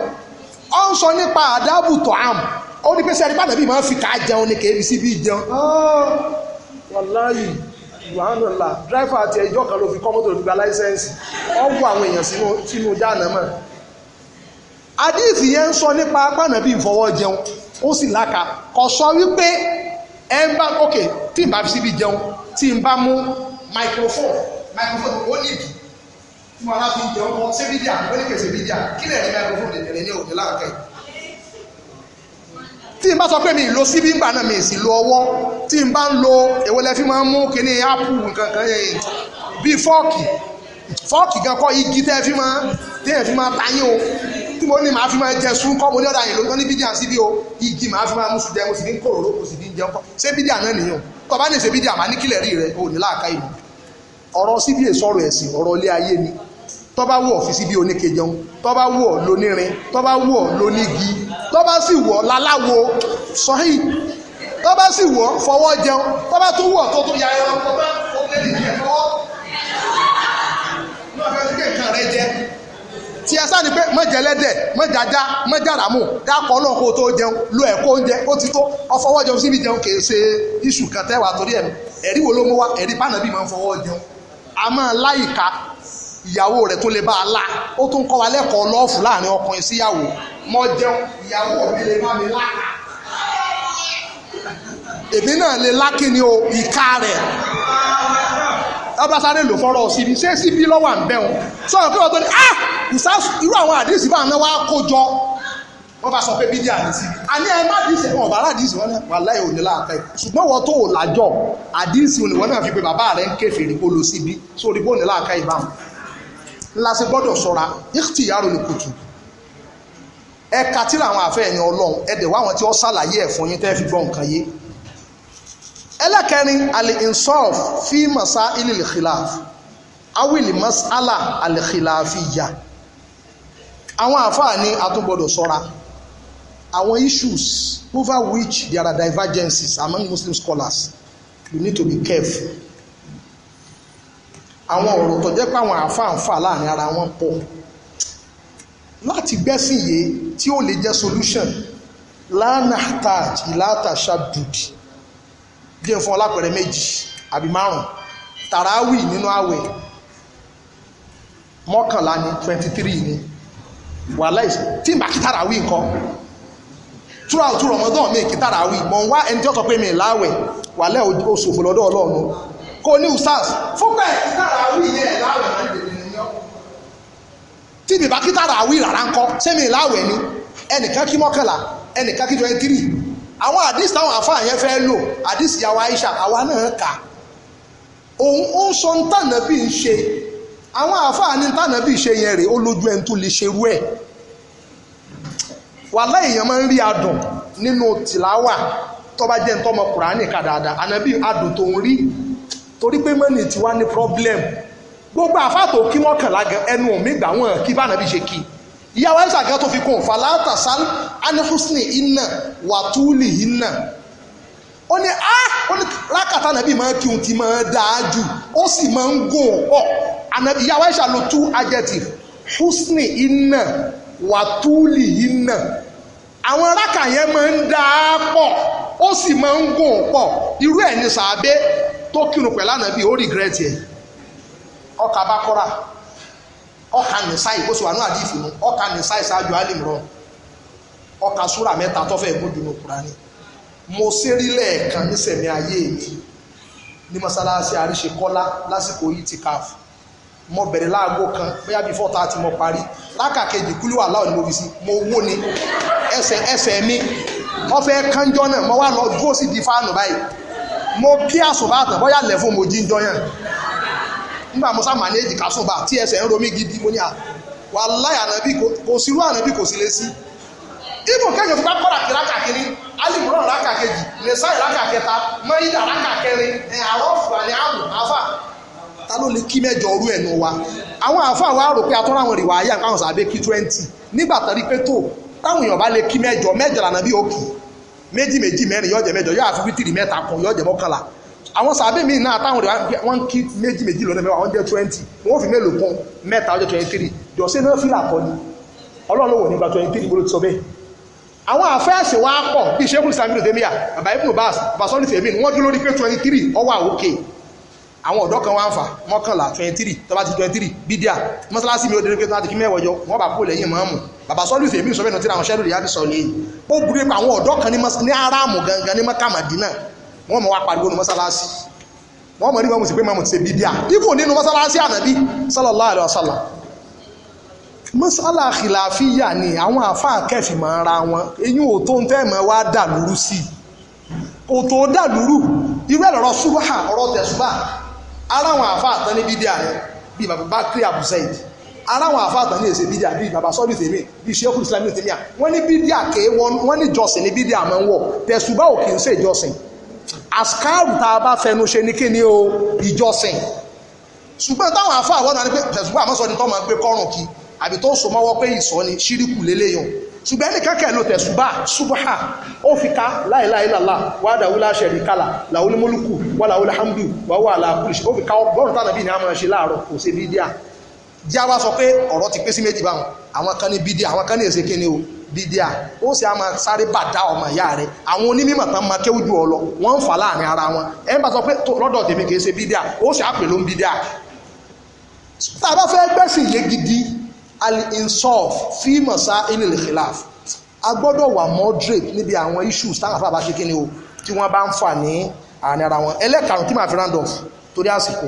ọ ń sọ nípa àdábù tó àm ó ní pé sẹ́ni pàdánù bíi máa ń fi ká jẹun ni kèébi sí bíi jẹun. wàláyì wàhánàlá dráìfà àti ẹjọ́ kan ló fi kọ́ mọ́tò ló fi gba láìsẹ́ǹsì ọ̀gbọ́n àwọn èèyàn sínú dáná mọ́ àdìsí yẹn ń sọ nípa pàdánù bíi ìfọwọ́ jẹun ó sì láka kò sọ wípé ẹ ń bá ok tí n bá fi síbi jẹun tí n bá mú microphone microphone ó nìdí tí wọn aláfi ń jẹ ọmọ ṣé bídíà ó ní kèsè bídíà kí lè rí microphone tètè ní òde láǹkẹ́ tí n bá sọ pé mi lo síbí ń gbà náà mi sì lo ọwọ́ tí n bá ń lo èwo lẹ fi máa ń mú kíní ápù nǹkan kan yẹn eh, bíi fọ́ọ̀kì fọ́ọ̀kì gan kọ́ igi tẹ́ fi máa tẹ́ fi máa tayín o tí mo ní màá fi máa jẹ sún kọ́ mo ní ọ̀dà yìí lórí ní bídíà síbí o igi màá fi máa mú sùn jẹ mo sì ní kòròrò mo sì ní jẹun kọ́ ṣé bídíà náà nìyẹn tó bá ní ṣe bídíà màá ní kílẹ̀ rí rẹ o ní láàká ìlú ọ̀rọ̀ síbí èso ọ̀rọ̀ ẹ̀sìn ọ̀rọ̀ ilé ayé ni tọ́ba wọ̀ fi síbi oníkejọun tọ́ba wọ̀ lónírin tọ́ba wọ̀ lónígi tọ́ba sì wọ̀ láláwo sọ́hí tọ́ba sì wọ̀ fọwọ́ jẹun tọ́ba tún wọ̀ tó tún ya ẹran tọ́ba ó lé nìyí ẹ̀ fọwọ́ náà fẹ́ẹ́ sí kéèkàn rẹ jẹ tí ẹ sáà ní pé mọ̀jẹ̀lẹ́dẹ̀ mọ̀jàjà mọ̀jàràmù dákọ̀ ọlọ́run kó tó jẹun lo ẹ̀kọ́ oúnjẹ ó ti tó ọfọwọ́ jẹun síbi jẹun kì í ṣe iṣu kan tẹ́wà torí ẹ̀ ẹ̀rí wo ló mú wa ẹ̀rí bánàbí máa ń fọwọ́ jẹun a máa láyìíká ìyàwó rẹ̀ tó lè bá a la ó tún kọ́ wa lẹ́kọ̀ọ́ lọ́ọ̀fù láàrin ọkùnrin síyàwó mọ jẹun ìyàwó mi lè má mi láàkà èmi náà lè lákì ní o ìka rẹ̀ abasare lò fọ́rọ̀ síbi ṣé síbi lọ́wọ́ à ń bẹ̀ wọn sọ̀rọ̀ pé wọ́n tó ní ah ìsáàsù irú àwọn àdìsí bá náà wá kó jọ wọ́n bá sọ pé bídí àdìsí àní ẹ má dìísì wọn ọ̀bá àdìsí wọn wà láì òní láàpẹ́ ṣùgbọ́n wọ́n tó lájọ àdìsí òní wọn náà fi pé bàbá rẹ̀ ń kéfèé ní kó lọ síbi sórí bóòní láàká ìbámu la ṣe gbọ́dọ̀ ṣọ́ra ìkìtì yàrá olùkùtù ẹ̀ka tíra àwọn àfẹ́ ẹ̀yìn ọlọ́run ẹ̀dẹ̀ wá àwọn tí wọ́n ṣàlàyé ẹ̀ fún yín tẹ́ fi gbọ́ nǹkan yé ẹlẹ́kẹrin alẹ́ insof fi masa ilil khilaf awil masala alẹ́ khilafiyya àwọn àfáà ní atúngbọ́dọ̀ ṣọ́ra àwọn issues over which there are divergences among Muslim scholars you need to be careful àwọn ọ̀rọ̀ tó jẹ́ pé àwọn àǹfààǹfà láàrin ara wọn pọ̀ láti gbẹ́sìn yé tí ó lè jẹ́ solution lánà taj ìlàtà ṣàdùdì díẹ̀ fún ọlápẹ̀rẹ̀ méjì àbí márùn-ún tàràwì nínú àwẹ̀ mọ́kànlá ní twenty three ni wàhálà ìṣe tí màá kí tàràwì nǹkan throughout Ramadan mi kí tàràwì mọ̀ ń wá ẹni tí ó sọ pé mi láwẹ̀ wàhálà oṣù fòlọ́dọ̀ ọlọ́run kò ní usas fúnpẹ̀ kítàrà àwí yẹn ẹ̀ láwẹ̀ máa ń dèbè nìyọ́ tí bìbá kítàrà àwí rárá ń kọ́ sẹ́mi láwẹ̀ ni ẹnìkan kí mọ́kànlá ẹnìkan kí twenty three àwọn àdìsí táwọn àfa yẹn fẹ́ lò àdìsí yàwó Aisha àwa náà kà òun ó ń sọ ntànà bí ń ṣe àwọn àfa ní ntànà bí ṣe yẹn rè ó lójú ẹni tó lè ṣerú ẹ̀ wàhálà èèyàn máa ń rí adùn nínú tìláwà tó bá jẹ́ ntọ́mọ kùránì kà adùn tó ń rí torí pé mọ́nì tí wá ní problem gbogbo àfáàtò kí mọ́kànlá gan ẹnu mi gbà wọ́n kí bá nàbí ṣe kí ìyàwó ẹ̀sà gan tó fi kún falata sal anihusni iná wàtúlì iná ó ní á ó ní lákàtà nàbí máa kí òun ti máa dáa jù ó sì máa ń gùn pọ̀ ìyàwó ẹ̀sà lo two adjective husni iná wàtúlì iná àwọn rákà yẹn máa ń dáa pọ̀ ó sì máa ń gùn pọ̀ irú ẹ̀ ní sàbẹ́ Tokyo kírun pẹ̀lú ànábì ó regret yẹ ọkà bá kọ́ra ọkà nìsáì bó ṣe wà ní àdìfù nù ọkà nìsáì ṣáájú alìmọ̀ràn ọkà súrà mẹ́ta tó gbójú ní Kùránì mo ṣerí lẹ́ẹ̀kan nísẹ̀mí ayé mi ní mọ́sálásí àríṣekọ́lá lásìkò yìí ti káàfù mo bẹ̀rẹ̀ láago kan bóyá bíi four thirty mo parí lákàkejì kúlú wà láwọn ni mo fi mo wó ni ẹsẹ̀ ẹsẹ̀ mi wọ́n fẹ́ kánjọ́ náà mo wá lọ dúró sí di fáànù báyìí mo kí àsùnbà àtàn bóyá lẹ́fún mo jí ń jọyàn nígbà mo sá mànéjì kásùnbà tí ẹsẹ̀ ń romí gidi mo ní à wàláhì ànábì kò sí irú ànábì kò sí lé sí fún kiri kejì nìsáì rákà kẹta mẹ́yìdà rákà kẹrin lè kí mẹ́jọ ẹ̀ nù wa àwọn àfà wa rò pé atọ́ra àwọn ayé àkàwọn sàbẹ̀ kí twenty nígbà tàbí pé tó táwọn èèyàn bá lè méjì méjì mẹ́rin yóò jẹ́ mẹ́jọ yóò àfi wítìrì mẹ́ta kan yóò jẹ́ mọ́kànlá àwọn sàbẹ̀ mi náà táwọn rẹ̀ wọ́n kí méjì méjì lọ́nà mẹ́wàá wọ́n jẹ́ twenty wọ́n fi mélòó kan mẹ́ta ọjọ́ twenty three jọ̀ọ́sẹ́ náà fìlà kọ́ ni ọlọ́run wò nígbà twenty three gbọ́dọ̀ ti sọ bẹ́ẹ̀ àwọn àfẹ́ẹ̀sì wa pọ̀ bí ṣe kúrò sàmìlò tèmíà bàbá ibùn bá basọ́lì fèmí wọ́n dúró lórí pé twenty three ọwọ́ àwòkè àwọn ọ̀dọ́ kan wá ń fà mọ́kànlá twenty three tọ́ba ti twenty three bídíà mọ́sálásí mi ò dérí pé tó láti kí mẹ́wọ̀jọ wọ́n bá kó lẹ́yìn mọ́ọ̀mù bàbá sọ́lù fèmí sọ bẹ́ẹ̀ nù tí àwọn sẹ́lù rìádì sọ lẹ́yìn ó burú pé àwọn ọ̀dọ́ kan ní aráàmù gangan ní mọ́kàmàdínà wọ́n mọ̀ wá pariwo ní mọ́sálásí wọ́n mọ̀ nígbà mùsùlùmí máa mọ̀ ṣe bíbíà ifò nínú mọ́sálásí ànábì sallallahu alaihi wasallam mọ́sálà khilafiyya ni àwọn àfáà kẹfì máa ra wọn eyín ò tó ń tẹ́ mọ́ wá dà lúrú sí i ò tó dà lúrú irú ẹ̀ lọ́rọ̀ ṣùgbọ́n ọ̀rọ̀ tẹ̀sùbà ara àwọn àfáà tán ní bíbíà bíi bàbá bá kí ara àwọn àfa àtàn ní èsè bídíà bíi bàbá sọ́ọ́dì tèmi bíi ṣéèkù islam tèmi à wọ́n ní bídíà ké wọ́n ní jọ̀sìn ní bídíà máa ń wọ̀ tẹ̀sùbá ò kì í ṣe ìjọsìn àsìkáàrù tá a bá fẹnu ṣe ní kíni o ìjọsìn ṣùgbọ́n táwọn àfa àwọn náà ní pé tẹ̀sùbá àmọ́sọ ni tó máa gbé kọ́rùn kí àbí tó so mọ́wọ́ pé ìsọ ni ṣíríkù lélẹ́yìn ṣùgbọ́n ẹnì kẹ́kẹ́ ló tẹ̀sùbá ṣubúhà ó fi ká láìláìlàlá wàdà wúlá ṣẹ̀rí kálà làwúlé mọ́lùkù wàlà wúlé hàmdù wàwà àlàkùlù ó fi ká ọgbọ́n tánàbí ni a máa ṣe láàárọ̀ kò ṣe bídíà jẹ́ àwa sọ pé ọ̀rọ̀ ti pé sí méjì báwọn àwọn kan ní bídíà àwọn kan ní èsè kíni o bídíà ó sì á máa sáré bà dá ọmọ ìyá rẹ àwọn onímọ̀ tán máa kéwú ju ọ lọ wọ́n ń fà láàrin ara wọn ẹ̀ ń bá sọ pé lọ́dọ̀ tèmi kì í ṣe bídíà ó sì á pè ló ń bídíà tá a bá fẹ́ gbẹ́sìn yé gidi al-insaf fi masail al-khilaf a gbọ́dọ̀ wà moderate níbi àwọn issues táwọn afáàbá ṣe kíni o tí wọ́n bá ń fà ní àárín ara wọn ẹlẹ́karùn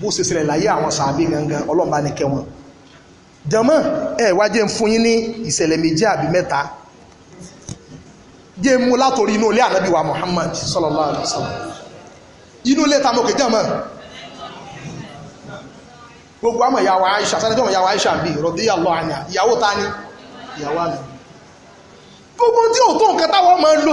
bó ṣe ṣẹlẹ̀ láyé àwọn sàábé gangan ọlọ́run bá ní kẹ́ wọn jọmọ́ ẹ wá jẹ́ ń fún yín ní ìṣẹ̀lẹ̀ méjì àbí mẹ́ta jẹ́ mú látòrí inú ilé ànábì wa Muhammad sallallahu alaihi wasallam inú ilé ta mọ̀kẹ́ jọmọ́ gbogbo àmọ̀ ìyàwó Aisha sáré jọmọ̀ ìyàwó Aisha bíi radiyallahu anha ìyàwó ta ni gbogbo tí ò tó nǹkan táwọn ọmọ lò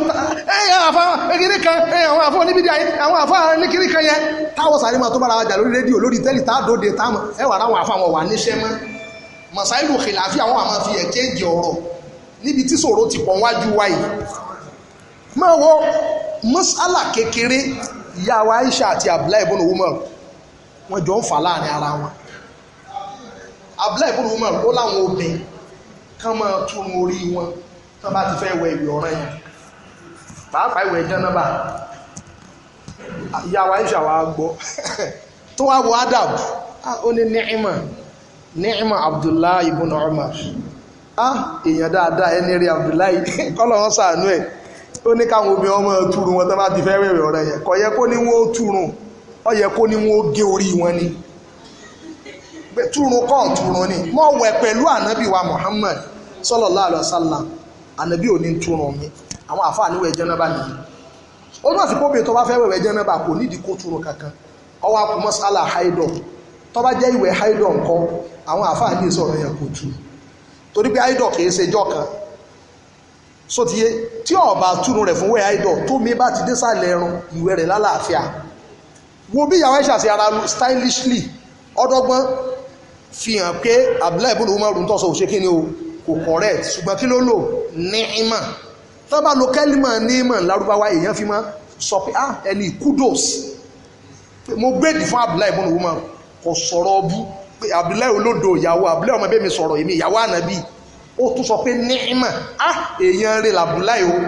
ẹyà àfa ekiri kan ẹyà àwọn àfa oníbìdí ayé àwọn àfa oníkiri kan yẹn táwọn sáré máa tó bára wájà lórí rédíò lórí tẹ́lì tá a dòde tá a mọ̀ ẹ wà láwọn àfa wọn wà níṣẹ́ mọ́ mọ̀sáìlù kìláfíà àwọn àmọ́ fi ẹ̀kẹ́ǹjì ọ̀rọ̀ níbi tí ṣòro ti pọ̀ wájú wáyé máa wọ mọ́sálà kékeré ìyá wa Aisha àti Abdullahi ibn Umar wọn jọ ń fà láàrin ara wọn Abdullahi ibn Umar ó láwọn obìnrin kan máa túrun orí wọn tó bá ti fẹ́ wẹ ìwẹ̀ ọ̀ràn yẹn pàápàá ìwẹ̀ jẹ́nàbà ìyá wa ìṣà wa gbọ́ [laughs] tó wá wọ adam ó ní ni'ima ni'ima abdullahi ibn umar ah èèyàn dáadáa ẹni rí abdullahi [laughs] kọ́lọ̀ wọn sàánú ẹ̀ ó ní káwọn obìnrin ọmọ túrun wọn tó bá ti fẹ́ wẹ̀wẹ̀ ọ̀ràn yẹn kò yẹ kó ní wọn ó túrun yẹ kó ní wọn ó orí wọn ni túrun kọ́ ni mọ̀ wẹ̀ pẹ̀lú ànábì muhammad sallallahu alaihi wasallam ànábì ò ní túrun mi àwọn àfáà níwẹ̀ jẹ́nẹ́bà nìyí ó náà sì kóbi tó bá fẹ́ wẹ̀wẹ̀ jẹ́nẹ́bà kò nídìí kó túrun kankan ọwọ́ akọ mọ́sálà haidọ̀ tó bá jẹ́ ìwẹ̀ haidọ̀ nǹkan àwọn àfáà ní ìsọ̀rọ̀ yẹn kò tú torí pé haidọ̀ kìí ṣe jọ́ kan sotiye tí ọba túrun rẹ̀ fún wẹ̀ haidọ̀ tó mi bá ti dé sàlẹ̀ ẹran ìwẹ̀ rẹ̀ lálàáfíà wo bí ìyàwó ẹ̀ṣà stylishly ọdọ́gbọ́n fi hàn pé abdullahi ibùdó umaru ń tọ́sọ̀ òṣèkíni o kò correct ṣùgbọ́n kí ló lò ni'ima tó bá lo kẹ́límà ni'ima lárúbáwá èèyàn fi máa sọ pé ah ẹni kudos mo gbèdì fún abdullahi ibùn umar kò sọ̀rọ̀ ọbú pé abdullahi olódo ìyàwó abdullahi ọmọ ẹbí sọ̀rọ̀ èmi ìyàwó ànábì ó tún sọ pé ni'ima ah èèyàn rẹ̀ làbdullahi o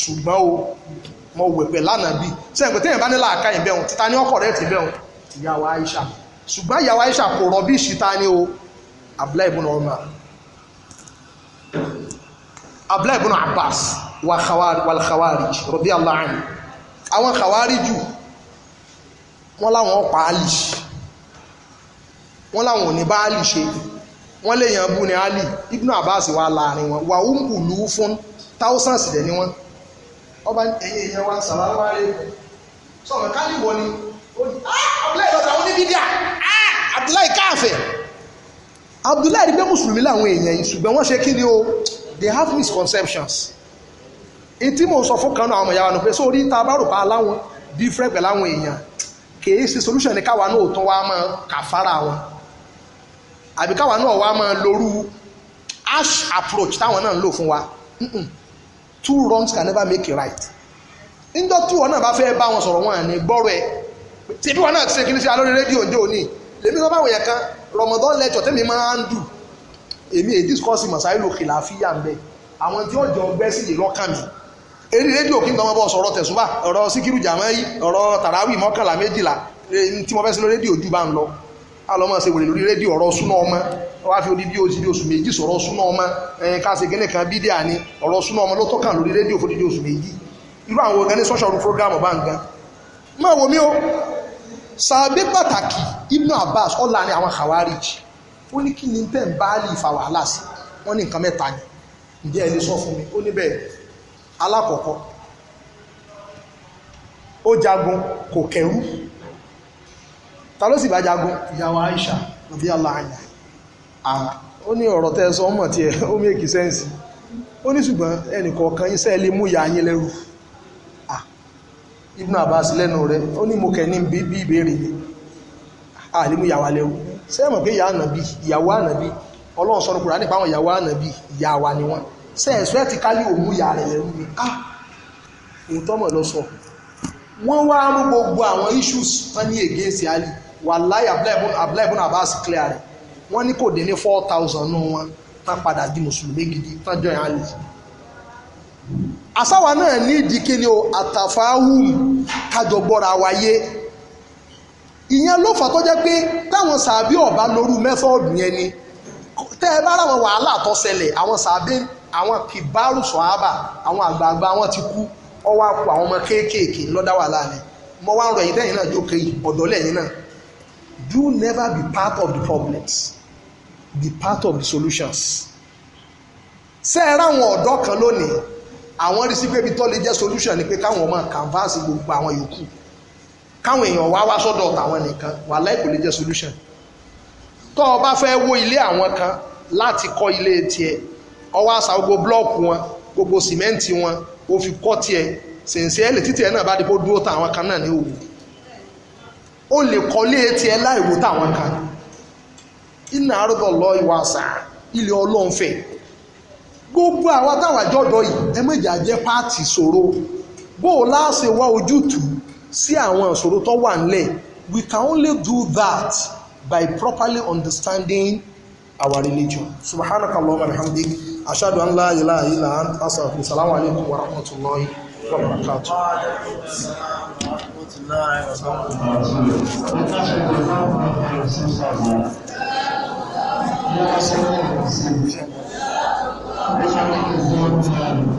ṣùgbọ́n o mo wẹ̀ pẹ̀ lánàbì sẹ́yìn pé téèyàn bá ní làákà yìí bẹ́hùn títa ní ọkọ̀ rẹ̀ ti bẹ́hùn ìyàwó abdullahi ibn abbas wal khawarij radiyallahu anhu àwọn khawariju wọ́n láwọn pa ali wọ́n láwọn ò ní bá ali ṣe wọ́n lè yàn bú ni ali ibn abbas wà láàrin wọn wà ó ń kù lù ú fún thousands dẹ̀ ni wọ́n ọba ẹ̀yìn èèyàn wa sàlámù aláìkùm sọ̀rọ̀ ká níwọ̀ ni ah, abdullahi lọ́dọ̀ àwọn oníbídíà ah, abdullahi káàfẹ̀ abdullahi rí pé mùsùlùmí làwọn they have misconceptions ètí mò ń sọ fún kan náà àwọn ọmọ ìyá wa nù pé sórí tá a bá láwọn bí fẹ́gbẹ̀ láwọn èèyàn kìí ṣe solution ní káwa náà tán wá máa kàfàrà wọn àbí káwa náà wá máa lorú Ash approach táwọn náà ń lò fún wa two wrongs can never make a right níjọ́ tí wọn náà bá fẹ́ bá wọn sọ̀rọ̀ wọn àní gbọ́rọ̀ ẹ̀ ṣé bí wọn náà ti ṣe kí ní ṣe alórí rédíò ǹjẹ́ òní lèmi sọ báwọn yẹn kan Ramadan lecture tẹ́mi máa ń dùn èmi èyí discourse masáìlò kìláfíà ń bẹ àwọn tí wọ́n jọ gbẹ́ sí yìí lọ́kàn mi eré rédíò kí n tọ́mọ́ bọ́ sọ̀rọ̀ tẹ̀sùbà ọ̀rọ̀ síkírù jàmáì ọ̀rọ̀ tàràwì mọ́kànlá méjìlá tí mo fẹ́ sí lórí rédíò jù bá ń lọ alọ́mọ ṣe wèrè lórí rédíò ọ̀rọ̀ súná ọmọ wá fi odidi oṣù bí oṣù méjì sọ̀rọ̀ súná ọmọ ẹ̀yìn ká ṣe gẹ́nẹ̀ kan bídí àní ọ̀rọ̀ súná ọmọ ló tọ́kàn lórí rédíò fún odidi oṣù méjì irú àwọn ọ̀gá ní sọ́ṣọ̀ ọdún fúrógámù ń gan máa wo mi o sàbí pàtàkì Ibn Abbas ọ̀la ni àwọn khawarij ó ní kí ni tẹ́ ń bá lè fa wàhálà sí wọ́n ní nǹkan mẹ́ta ni ǹjẹ́ ẹ lè sọ fún mi ó ní bẹ́ẹ̀ alákọ̀ọ́kọ́ ó jagun kò kẹrú ta ló sì bá jagun ìyàwó Aisha nàbí aláàyà àrùn ó ní ọ̀rọ̀ tẹ́ sọ ọmọ tí ẹ ó mẹ́kì sẹ́ǹsì ó ní ṣùgbọ́n ẹnìkọ̀ọ̀kan iṣẹ́ ilé mú ìyá yín lẹ́rù Ibn Abbas lẹ́nu rẹ̀ ó ní mo kẹ́ ní bí ìbéèrè ni àlè mú ìyàwó ṣé ẹ mọ̀ pé ìyá ànàbí ìyàwó ànàbí ọlọ́run sọ̀rọ̀ kúrò nípa àwọn ìyàwó ànàbí ìyá wa ni wọ́n ṣe ẹ̀sọ́ ẹ̀ ti kálí òun ìyá rẹ̀ lẹ́rú ni ah òótọ́ mọ̀ lọ sọ wọ́n wá mú gbogbo àwọn issues tán ní against Ali wàláyé abúlẹ́bùn Abbas clear rẹ̀ wọ́n ní kò dé ní four thousand nù wọn tán padà di mùsùlùmí gidi tán jọyìn Ali àsáwà náà ní ìdíkẹ́ ni o àtàfáhùn kájọ gbọ́ra wáyé ìyẹn ló fà tó jẹ́ pé táwọn sàbí ọ̀bá lórú mẹ́fọ́ọ̀dù yẹn ni tẹ́ ẹ bá ráwọn wàhálà tó ṣẹlẹ̀ àwọn sàbí àwọn kìbárù sọ̀hábà àwọn àgbààgbà wọn ti kú ọwọ́ àpò àwọn ọmọ kéékèèké lọ́dá wàhálà rẹ̀ mo wá ń rọ ìdẹ́yìn náà jókè ọ̀dọ́ lẹ́yìn náà do never be part of the problems be part of the solutions ṣé ẹ ráwọn ọ̀dọ́ kan lónìí àwọn rí sí pé ibi tó lè jẹ́ solution ni pé káwọn ọmọ canvas gbogbo àwọn yòókù káwọn èèyàn wá wá sọ́dọ̀ tàwọn nìkan wà láì lè jẹ́ solution tó o bá fẹ́ wó ilé àwọn kan láti kọ́ ilé tiẹ̀ o wá sa gbogbo blọ́ọ̀kù wọn gbogbo sìmẹ́ǹtì wọn o fi kọ́ tiẹ̀ sèǹsì ẹ̀ lè títí ẹ̀ náà bá di kó dúró tàwọn kan náà ní òwò o lè kọ́ ilé tiẹ̀ láì wó tàwọn kan iná àrùbọ̀ lọ ìwà àṣà ilé ọlọ́run fẹ̀ gbogbo àwa táwàjọ́dọ̀ yìí ẹ mẹ́jà jẹ́ páàtì ṣòro bó o láṣẹ wá ojútùú sí àwọn ìṣòro tó wà nílẹ̀ we can only do that by properly understanding our religion subhanaka allahumma alhamdulilayi ashadu an la ilaha illa ant astaghfiruka assalamu alaikum wa rahmatullahi wa barakatuh.